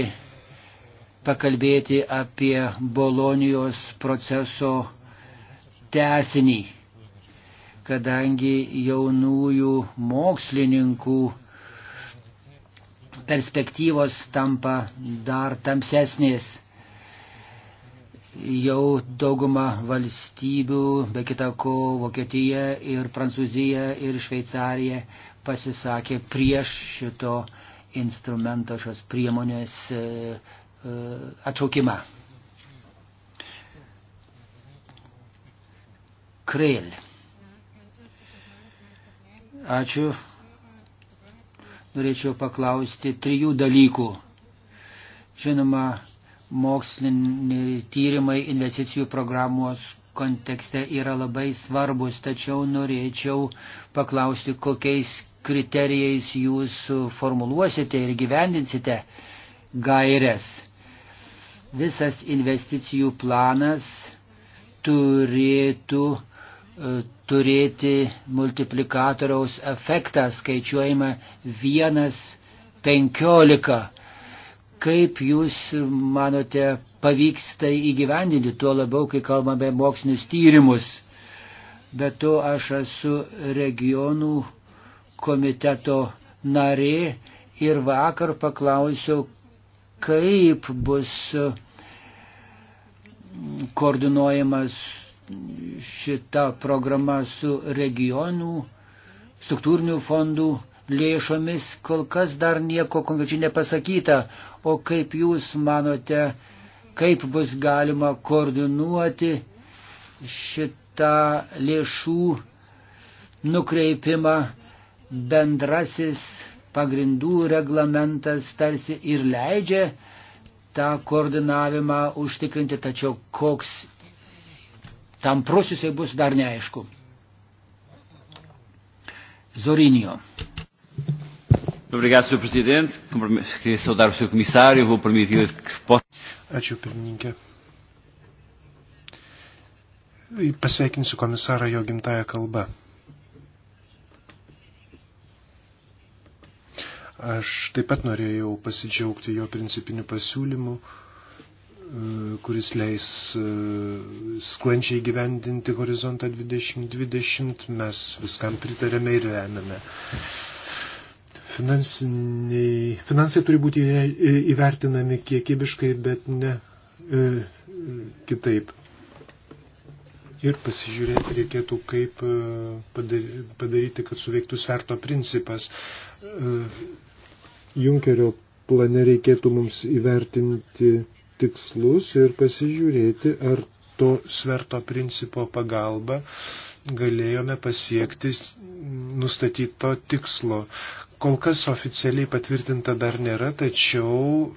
pakalbėti apie Bolonijos proceso tesinį, kadangi jaunųjų mokslininkų perspektyvos tampa dar tamsesnės jau dauguma valstybių, be kitako Vokietija ir Prancūzija ir Šveicarija pasisakė prieš šito instrumento, šios priemonės e, e, atšaukimą. Kreil. Ačiū. Norėčiau paklausti trijų dalykų. Žinoma, moksliniai tyrimai investicijų programos kontekste yra labai svarbus, tačiau norėčiau paklausti, kokiais kriterijais jūs formuluosite ir gyvendinsite gairias. Visas investicijų planas turėtų e, turėti multiplikatoriaus efektą skaičiuojama 1,15 Kaip jūs manote, pavyks tai įgyvendinti, tuo labiau, kai kalbame mokslinius tyrimus? Bet to aš esu regionų komiteto narė ir vakar paklausiau, kaip bus koordinuojamas šita programa su regionų struktūrinių fondų lėšomis, kol kas dar nieko konkrečiai nepasakyta. O kaip jūs manote, kaip bus galima koordinuoti šitą lėšų nukreipimą bendrasis pagrindų reglamentas tarsi ir leidžia tą koordinavimą užtikrinti, tačiau koks tamprus jisai bus dar neaišku. Zorinio. Obrigado, Sr. Presidente. Queria saudar o Sr. Comissário. Vou permitir que possa. Ačiū, pirmininkė. E pasveikinsiu komisarą jo gimtają kalbą. Aš taip pat norėjau pasidžiaugti jo principiniu pasiūlymu, e, kuris leis e, sklandžiai gyvendinti horizontą 2020. Mes viskam pritarėme ir remiame. Finansai turi būti įvertinami kiekybiškai, bet ne e, kitaip. Ir pasižiūrėti reikėtų, kaip e, padaryti, kad suveiktų sverto principas. E, Junkerio plane reikėtų mums įvertinti tikslus ir pasižiūrėti, ar to sverto principo pagalba galėjome pasiekti nustatyto tikslo. Kol kas oficialiai patvirtinta dar nėra, tačiau e,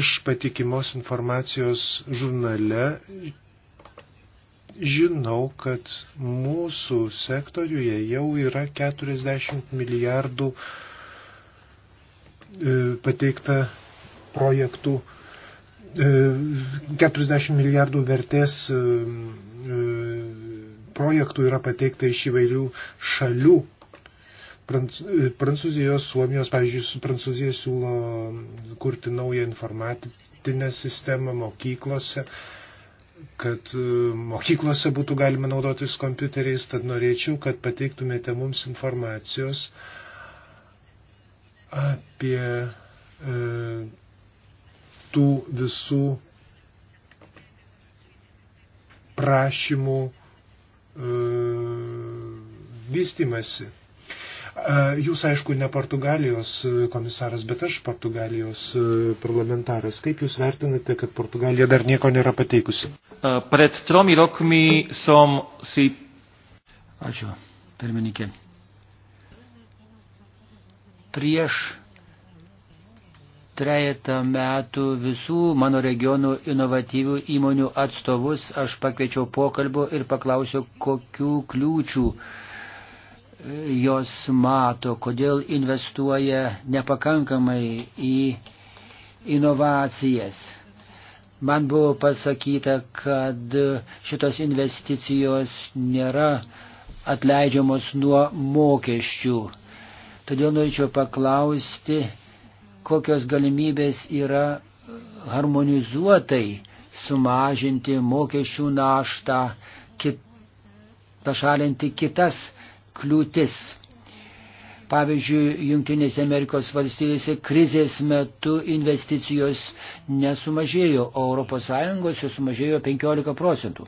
iš patikimos informacijos žurnale žinau, kad mūsų sektoriuje jau yra 40 milijardų e, pateikta projektų, e, 40 milijardų vertės e, projektų yra pateikta iš įvairių šalių. Prancūzijos, Suomijos, pavyzdžiui, Prancūzija siūlo kurti naują informatinę sistemą mokyklose, kad e, mokyklose būtų galima naudotis kompiuteriais, tad norėčiau, kad pateiktumėte mums informacijos apie e, tų visų prašymų E, vystimasi. E, jūs, aišku, ne Portugalijos komisaras, bet aš Portugalijos e, parlamentaras. Kaip Jūs vertinate, kad Portugalija dar nieko nėra pateikusi? Pred tromi rokmi som si. Ačiū, pirmininkė. Prieš trejetą metų visų mano regionų inovatyvių įmonių atstovus aš pakviečiau pokalbio ir paklausiau, kokių kliūčių e, jos mato, kodėl investuoja nepakankamai į inovacijas. Man buvo pasakyta, kad šitos investicijos nėra atleidžiamos nuo mokesčių. Todėl norėčiau paklausti, kokios galimybės yra harmonizuotai sumažinti mokesčių naštą, kit, pašalinti kitas kliūtis. Pavyzdžiui, Junktinėse Amerikos valstybėse krizės metu investicijos nesumažėjo, o ES jos sumažėjo 15 procentų.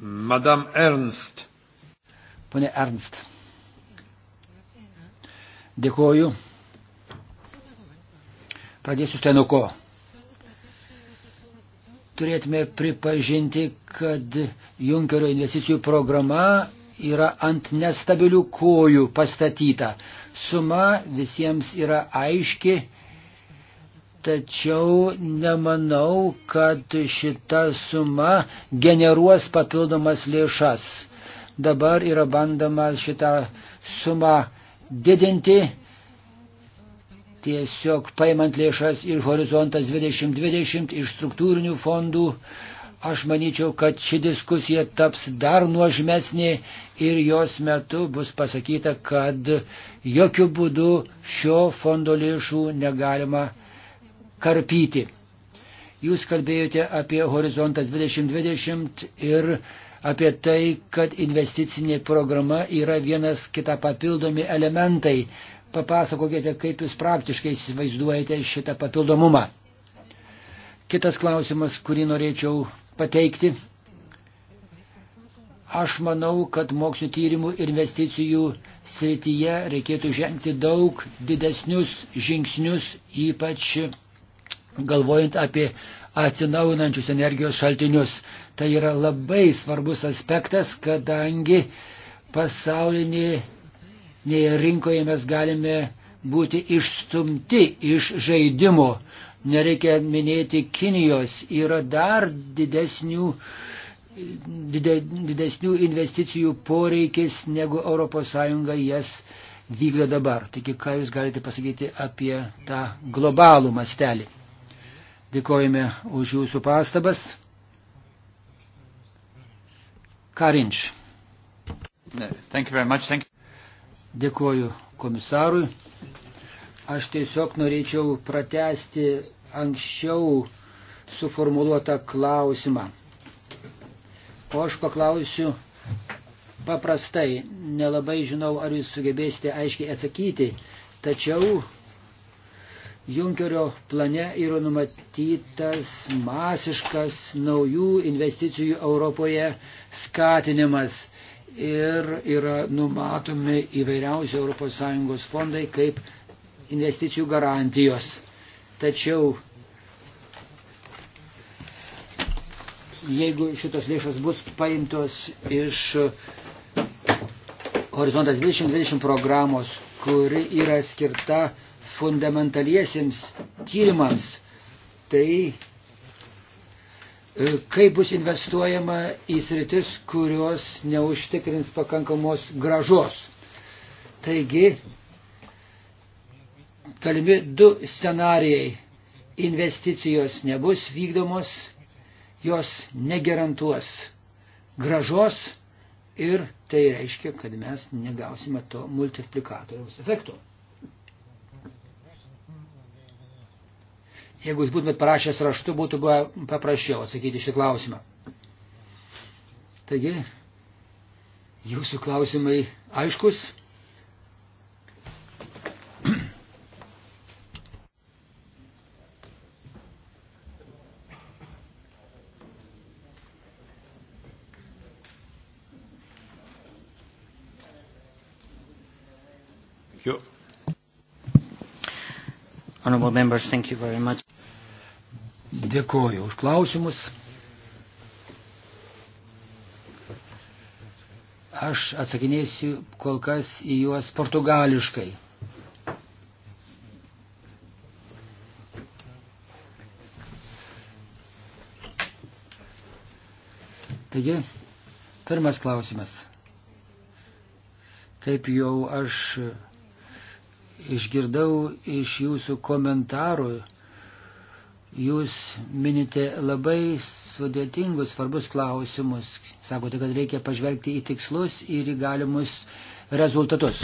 Madame Ernst. Pone Ernst. Dėkoju. Pradėsiu štai nuo ko. Turėtume pripažinti, kad Junkerio investicijų programa yra ant nestabilių kojų pastatyta. Suma visiems yra aiški, tačiau nemanau, kad šita suma generuos papildomas lėšas. Dabar yra bandama šitą sumą didinti tiesiog paimant lėšas ir horizontas 2020 iš struktūrinių fondų, aš manyčiau, kad ši diskusija taps dar nuožmesnė ir jos metu bus pasakyta, kad jokių būdų šio fondo lėšų negalima karpyti. Jūs kalbėjote apie horizontas 2020 ir apie tai, kad investicinė programa yra vienas kita papildomi elementai papasakokite, kaip jūs praktiškai įsivaizduojate šitą papildomumą. Kitas klausimas, kurį norėčiau pateikti. Aš manau, kad mokslo tyrimų investicijų srityje reikėtų žengti daug didesnius žingsnius, ypač galvojant apie atsinaujinančius energijos šaltinius. Tai yra labai svarbus aspektas, kadangi pasaulinė nei rinkoje mes galime būti išstumti iš žaidimo. Nereikia minėti Kinijos, yra dar didesnių, dide, didesnių investicijų poreikis, negu ES jas vykdo dabar. Taigi, ką Jūs galite pasakyti apie tą globalų mastelį? Dėkojame už Jūsų pastabas. Karinč. Thank you very much. Thank you. Dėkuoju komisarui. Aš tiesiog norėčiau pratesti anksčiau suformuoluotą klausimą. O aš paklausiu paprastai, nelabai žinau, ar jūs sugebėsite aiškiai atsakyti, tačiau Junkerio plane yra numatytas masiškas naujų investicijų Europoje skatinimas ir yra numatomi įvairiausi ES fondai kaip investicijų garantijos. Tačiau jeigu šitos lėšos bus paimtos iš Horizontas 2020 programos, kuri yra skirta fundamentaliesiems tyrimams, tai E, kaip bus investuojama į sritis, kurios neužtikrins pakankamos gražos. Taigi, galimi du scenarijai. Investicijos nebus vykdomos, jos negarantuos gražos ir tai reiškia, kad mes negausime to multiplikatoriaus efekto. Jeigu jūs būtumėt parašęs raštu, būtų buvę paprasčiau atsakyti šį klausimą. Taigi, jūsų klausimai aiškus. Honorable members, thank you very much. Dėkoju už klausimus. Aš atsakinėsiu kol kas į juos portugališkai. Taigi, pirmas klausimas. Kaip jau aš išgirdau iš jūsų komentarų, Jūs minite labai sudėtingus, svarbus klausimus. Sakote, kad reikia pažvelgti į tikslus ir į galimus rezultatus.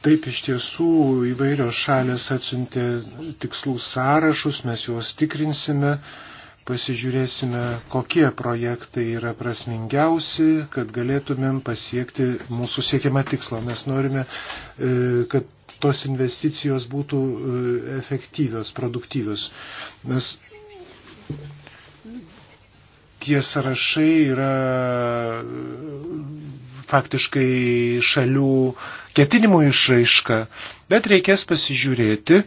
Taip iš tiesų įvairios šalės atsiuntė tikslų sąrašus, mes juos tikrinsime, pasižiūrėsime, kokie projektai yra prasmingiausi, kad galėtumėm pasiekti mūsų siekiamą tikslą. Mes norime, e, kad tos investicijos būtų e, efektyvios, produktyvios. Mes tie sąrašai yra e, faktiškai šalių ketinimų išraiška, bet reikės pasižiūrėti,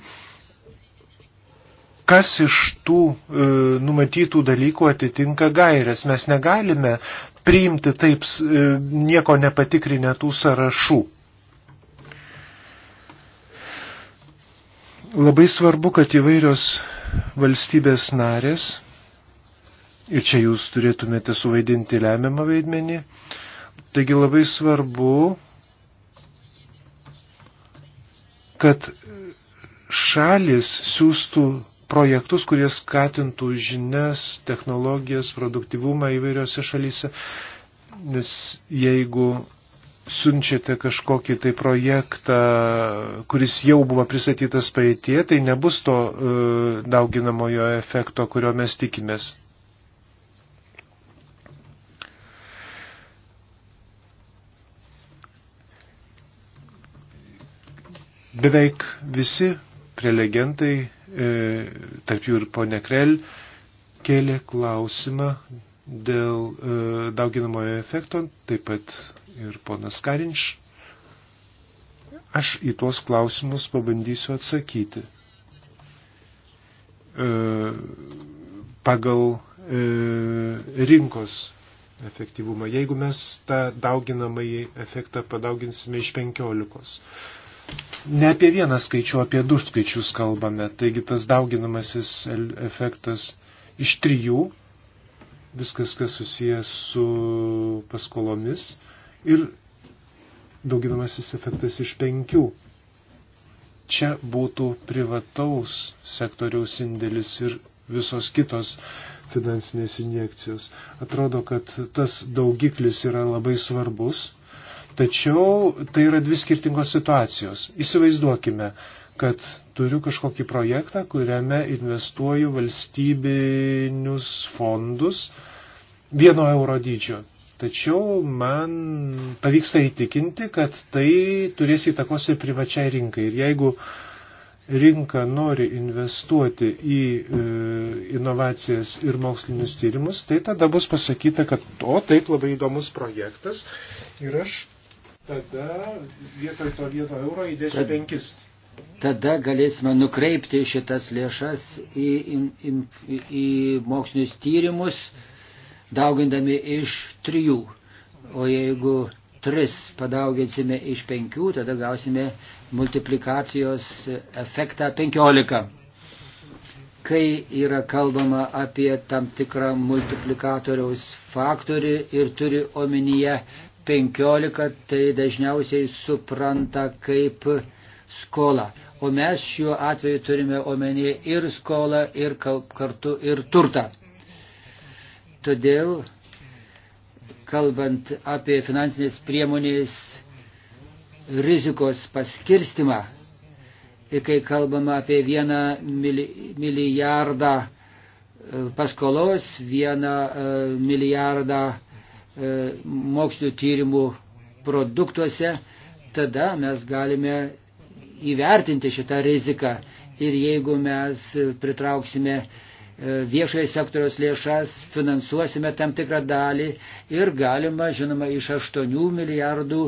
kas iš tų e, numatytų dalykų atitinka gairias. Mes negalime priimti taip e, nieko nepatikrinę tų sąrašų. Labai svarbu, kad įvairios valstybės narės, ir čia jūs turėtumėte suvaidinti lemiamą vaidmenį, taigi labai svarbu, kad šalis siūstų projektus, kurie skatintų žinias, technologijas, produktivumą įvairiose šalyse, nes jeigu siunčiate kažkokį tai projektą, kuris jau buvo pristatytas praeitie, tai nebus to e, dauginamojo efekto, kurio mes tikimės. Beveik visi prelegentai, e, tarp jų ir ponė Krell, kėlė klausimą dėl e, dauginamojo efekto, taip pat ir ponas Karinč. Aš į tuos klausimus pabandysiu atsakyti. E, pagal e, rinkos efektyvumą. Jeigu mes tą dauginamąjį efektą padauginsime iš penkiolikos, Ne apie vieną skaičių, apie du skaičius kalbame. Taigi tas dauginamasis efektas iš trijų viskas, kas susijęs su paskolomis ir dauginamasis efektas iš penkių. Čia būtų privataus sektoriaus indėlis ir visos kitos finansinės injekcijos. Atrodo, kad tas daugiklis yra labai svarbus, tačiau tai yra dvi skirtingos situacijos. Įsivaizduokime, kad turiu kažkokį projektą, kuriame investuoju valstybinius fondus vieno euro dydžio. Tačiau man pavyksta įtikinti, kad tai turės įtakos ir privačiai rinkai. Ir jeigu rinka nori investuoti į e, inovacijas ir mokslinius tyrimus, tai tada bus pasakyta, kad o taip labai įdomus projektas ir aš tada vietoj to vieno euro įdėsiu penkis. Kad tada galėsime nukreipti šitas lėšas į, in, in, į mokslinius tyrimus, daugindami iš trijų. O jeigu tris padauginsime iš penkių, tada gausime multiplikacijos efektą penkiolika. Kai yra kalbama apie tam tikrą multiplikatoriaus faktorių ir turi omenyje penkiolika, tai dažniausiai supranta kaip skolą. O mes šiuo atveju turime omenyje ir skolą, ir kartu ir turtą. Todėl, kalbant apie finansinės priemonės rizikos paskirstimą, ir kai kalbama apie vieną milijardą e, paskolos, vieną e, milijardą e, mokslių tyrimų produktuose, tada mes galime įvertinti šitą riziką ir jeigu mes pritrauksime e, viešojo sektoriaus lėšas, finansuosime tam tikrą dalį ir galima, žinoma, iš 8 milijardų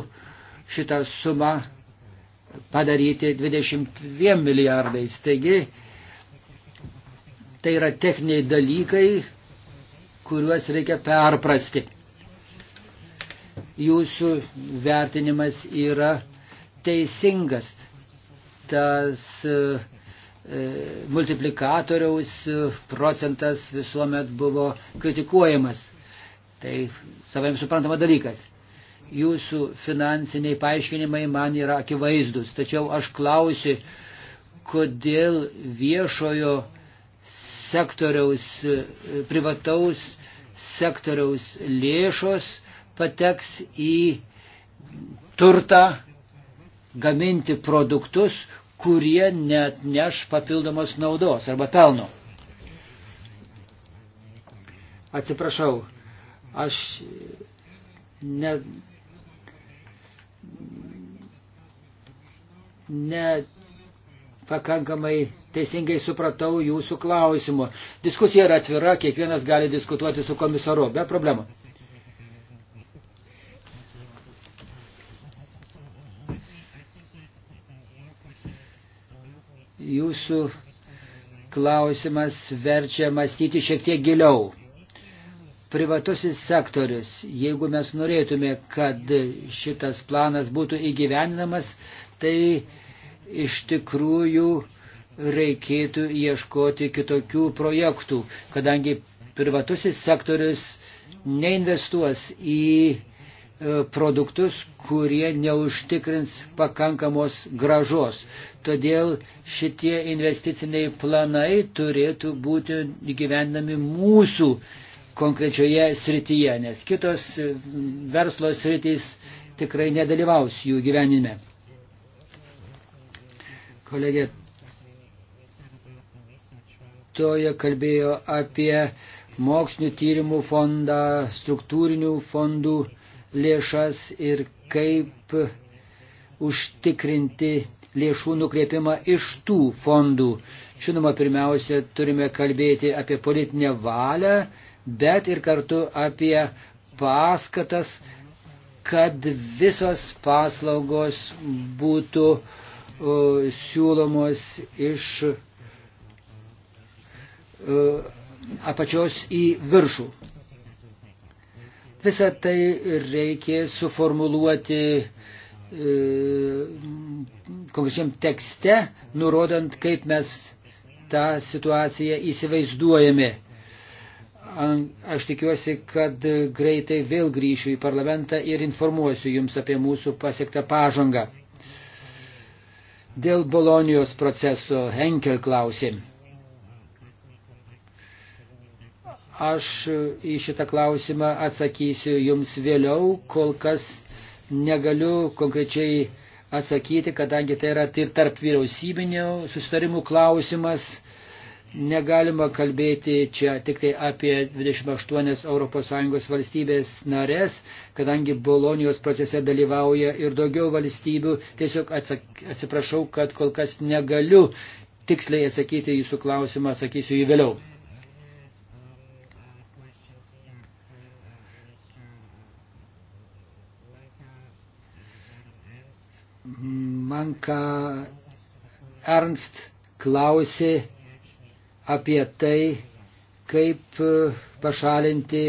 šitą sumą padaryti 22 milijardais. Taigi, tai yra techniniai dalykai, kuriuos reikia perprasti. Jūsų vertinimas yra teisingas tas e, e, multiplikatoriaus procentas visuomet buvo kritikuojamas. Tai savai suprantama dalykas. Jūsų finansiniai paaiškinimai man yra akivaizdus, tačiau aš klausiu, kodėl viešojo sektoriaus, e, privataus sektoriaus lėšos pateks į turtą gaminti produktus, kurie net neš papildomos naudos arba pelno. Atsiprašau, aš ne, ne pakankamai teisingai supratau jūsų klausimų. Diskusija yra atvira, kiekvienas gali diskutuoti su komisaru, be problemų. jūsų klausimas verčia mąstyti šiek tiek giliau. Privatusis sektorius, jeigu mes norėtume, kad šitas planas būtų įgyveninamas, tai iš tikrųjų reikėtų ieškoti kitokių projektų, kadangi privatusis sektorius neinvestuos į E, produktus, kurie neužtikrins pakankamos gražos. Todėl šitie investiciniai planai turėtų būti gyvendami mūsų konkrečioje srityje, nes kitos e, verslo sritys tikrai nedalyvaus jų gyvenime. Kolegė Toja kalbėjo apie mokslinių tyrimų fondą, struktūrinių fondų lėšas ir kaip užtikrinti lėšų nukreipimą iš tų fondų. Žinoma, pirmiausia, turime kalbėti apie politinę valią, bet ir kartu apie paskatas, kad visos paslaugos būtų o, siūlomos iš o, apačios į viršų. Visą tai reikės suformuluoti e, konkrečiam tekste, nurodant, kaip mes tą situaciją įsivaizduojame. Aš tikiuosi, kad greitai vėl grįšiu į parlamentą ir informuosiu Jums apie mūsų pasiektą pažangą. Dėl Bolonijos proceso Henkel klausė. Aš į šitą klausimą atsakysiu jums vėliau, kol kas negaliu konkrečiai atsakyti, kadangi tai yra ir tarp vyriausybinio sustarimų klausimas. Negalima kalbėti čia tik tai apie 28 ES valstybės narės, kadangi Bolonijos procese dalyvauja ir daugiau valstybių. Tiesiog atsiprašau, kad kol kas negaliu tiksliai atsakyti jūsų klausimą, atsakysiu jį vėliau. man ką Ernst klausė apie tai, kaip e, pašalinti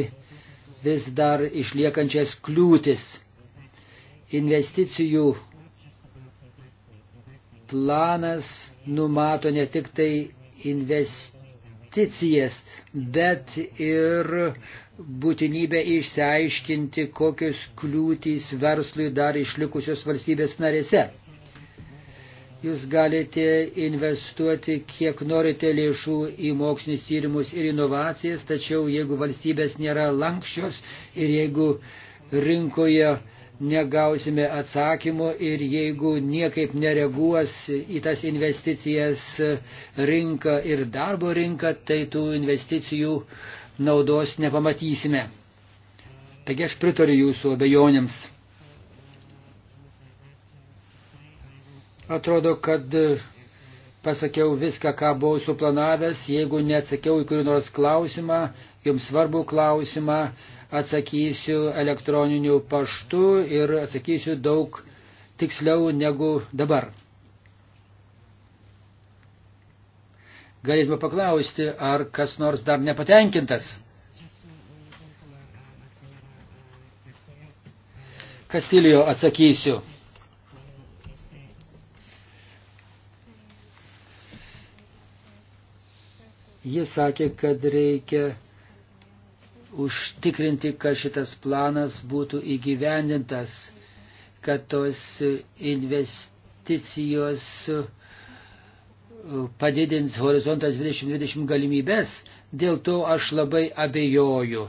vis dar išliekančias kliūtis. Investicijų planas numato ne tik tai investicijas, bet ir būtinybę išsiaiškinti, kokios kliūtys verslui dar išlikusios valstybės narėse. Jūs galite investuoti kiek norite lėšų į mokslinis tyrimus ir inovacijas, tačiau jeigu valstybės nėra lankščios ir jeigu rinkoje negausime atsakymo ir jeigu niekaip nereaguos į tas investicijas rinka ir darbo rinka, tai tų investicijų naudos nepamatysime. Taigi aš pritariu jūsų abejonėms. Atrodo, kad e, pasakiau viską, ką buvau suplanavęs. Jeigu neatsakiau į kurį nors klausimą, jums svarbų klausimą, atsakysiu elektroniniu paštu ir atsakysiu daug tiksliau negu dabar. Galėtume paklausti, ar kas nors dar nepatenkintas. Kastilijo atsakysiu. Jis sakė, kad reikia užtikrinti, kad šitas planas būtų įgyvendintas, kad tos investicijos e, padidins horizontas 2020 galimybės, dėl to aš labai abejoju.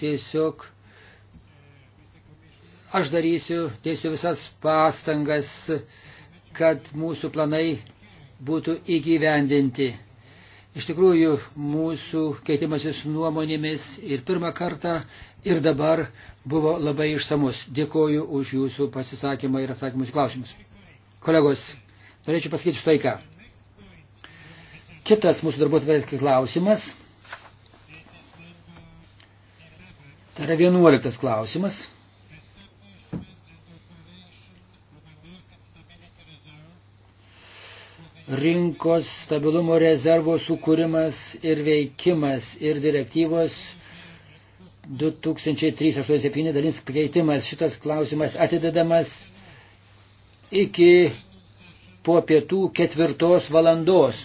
Tiesiog aš darysiu, dėsiu visas pastangas, kad mūsų planai būtų įgyvendinti. Iš tikrųjų, mūsų keitimasis nuomonėmis ir pirmą kartą, ir dabar buvo labai išsamus. Dėkoju už jūsų pasisakymą ir atsakymus klausimus. Kolegos, norėčiau pasakyti štai ką. Kitas mūsų darbuotojas klausimas. Tai yra vienuoliktas klausimas. rinkos stabilumo rezervo sukūrimas ir veikimas ir direktyvos 2387 dalins keitimas. Šitas klausimas atidedamas iki po pietų ketvirtos valandos,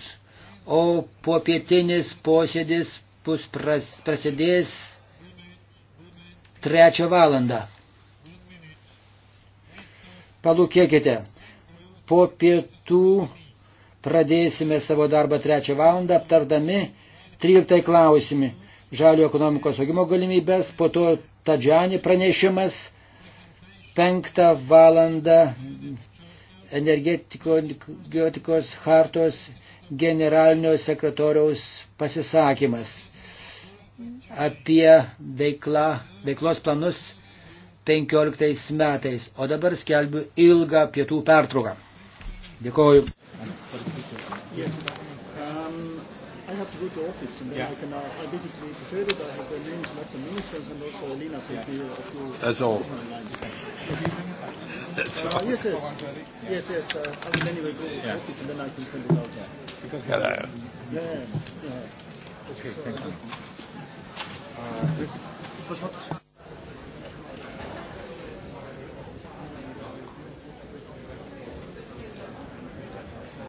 o po pietinis posėdis bus pras, prasidės trečią valandą. Palūkėkite, po pietų pradėsime savo darbą 3 valandą, aptardami 13 klausimį žalio ekonomikos augimo galimybės, po to Tadžiani pranešimas 5 valandą energetikos hartos generalinio sekretoriaus pasisakymas apie veiklą, veiklos planus 15 metais. O dabar skelbiu ilgą pietų pertrauką. Dėkuoju. to office, and then yeah. I can. Uh, I basically prepared it. I have the names of the ministers and also Elena's yeah. of your. That's all. That's uh, all. Yes, yes, yeah. yes, yes. Uh, I will anyway go to yeah. office, and then I can send it out. Yeah. Because yeah, yeah, yeah. yeah. Okay, so, thanks. Uh, uh, this was what.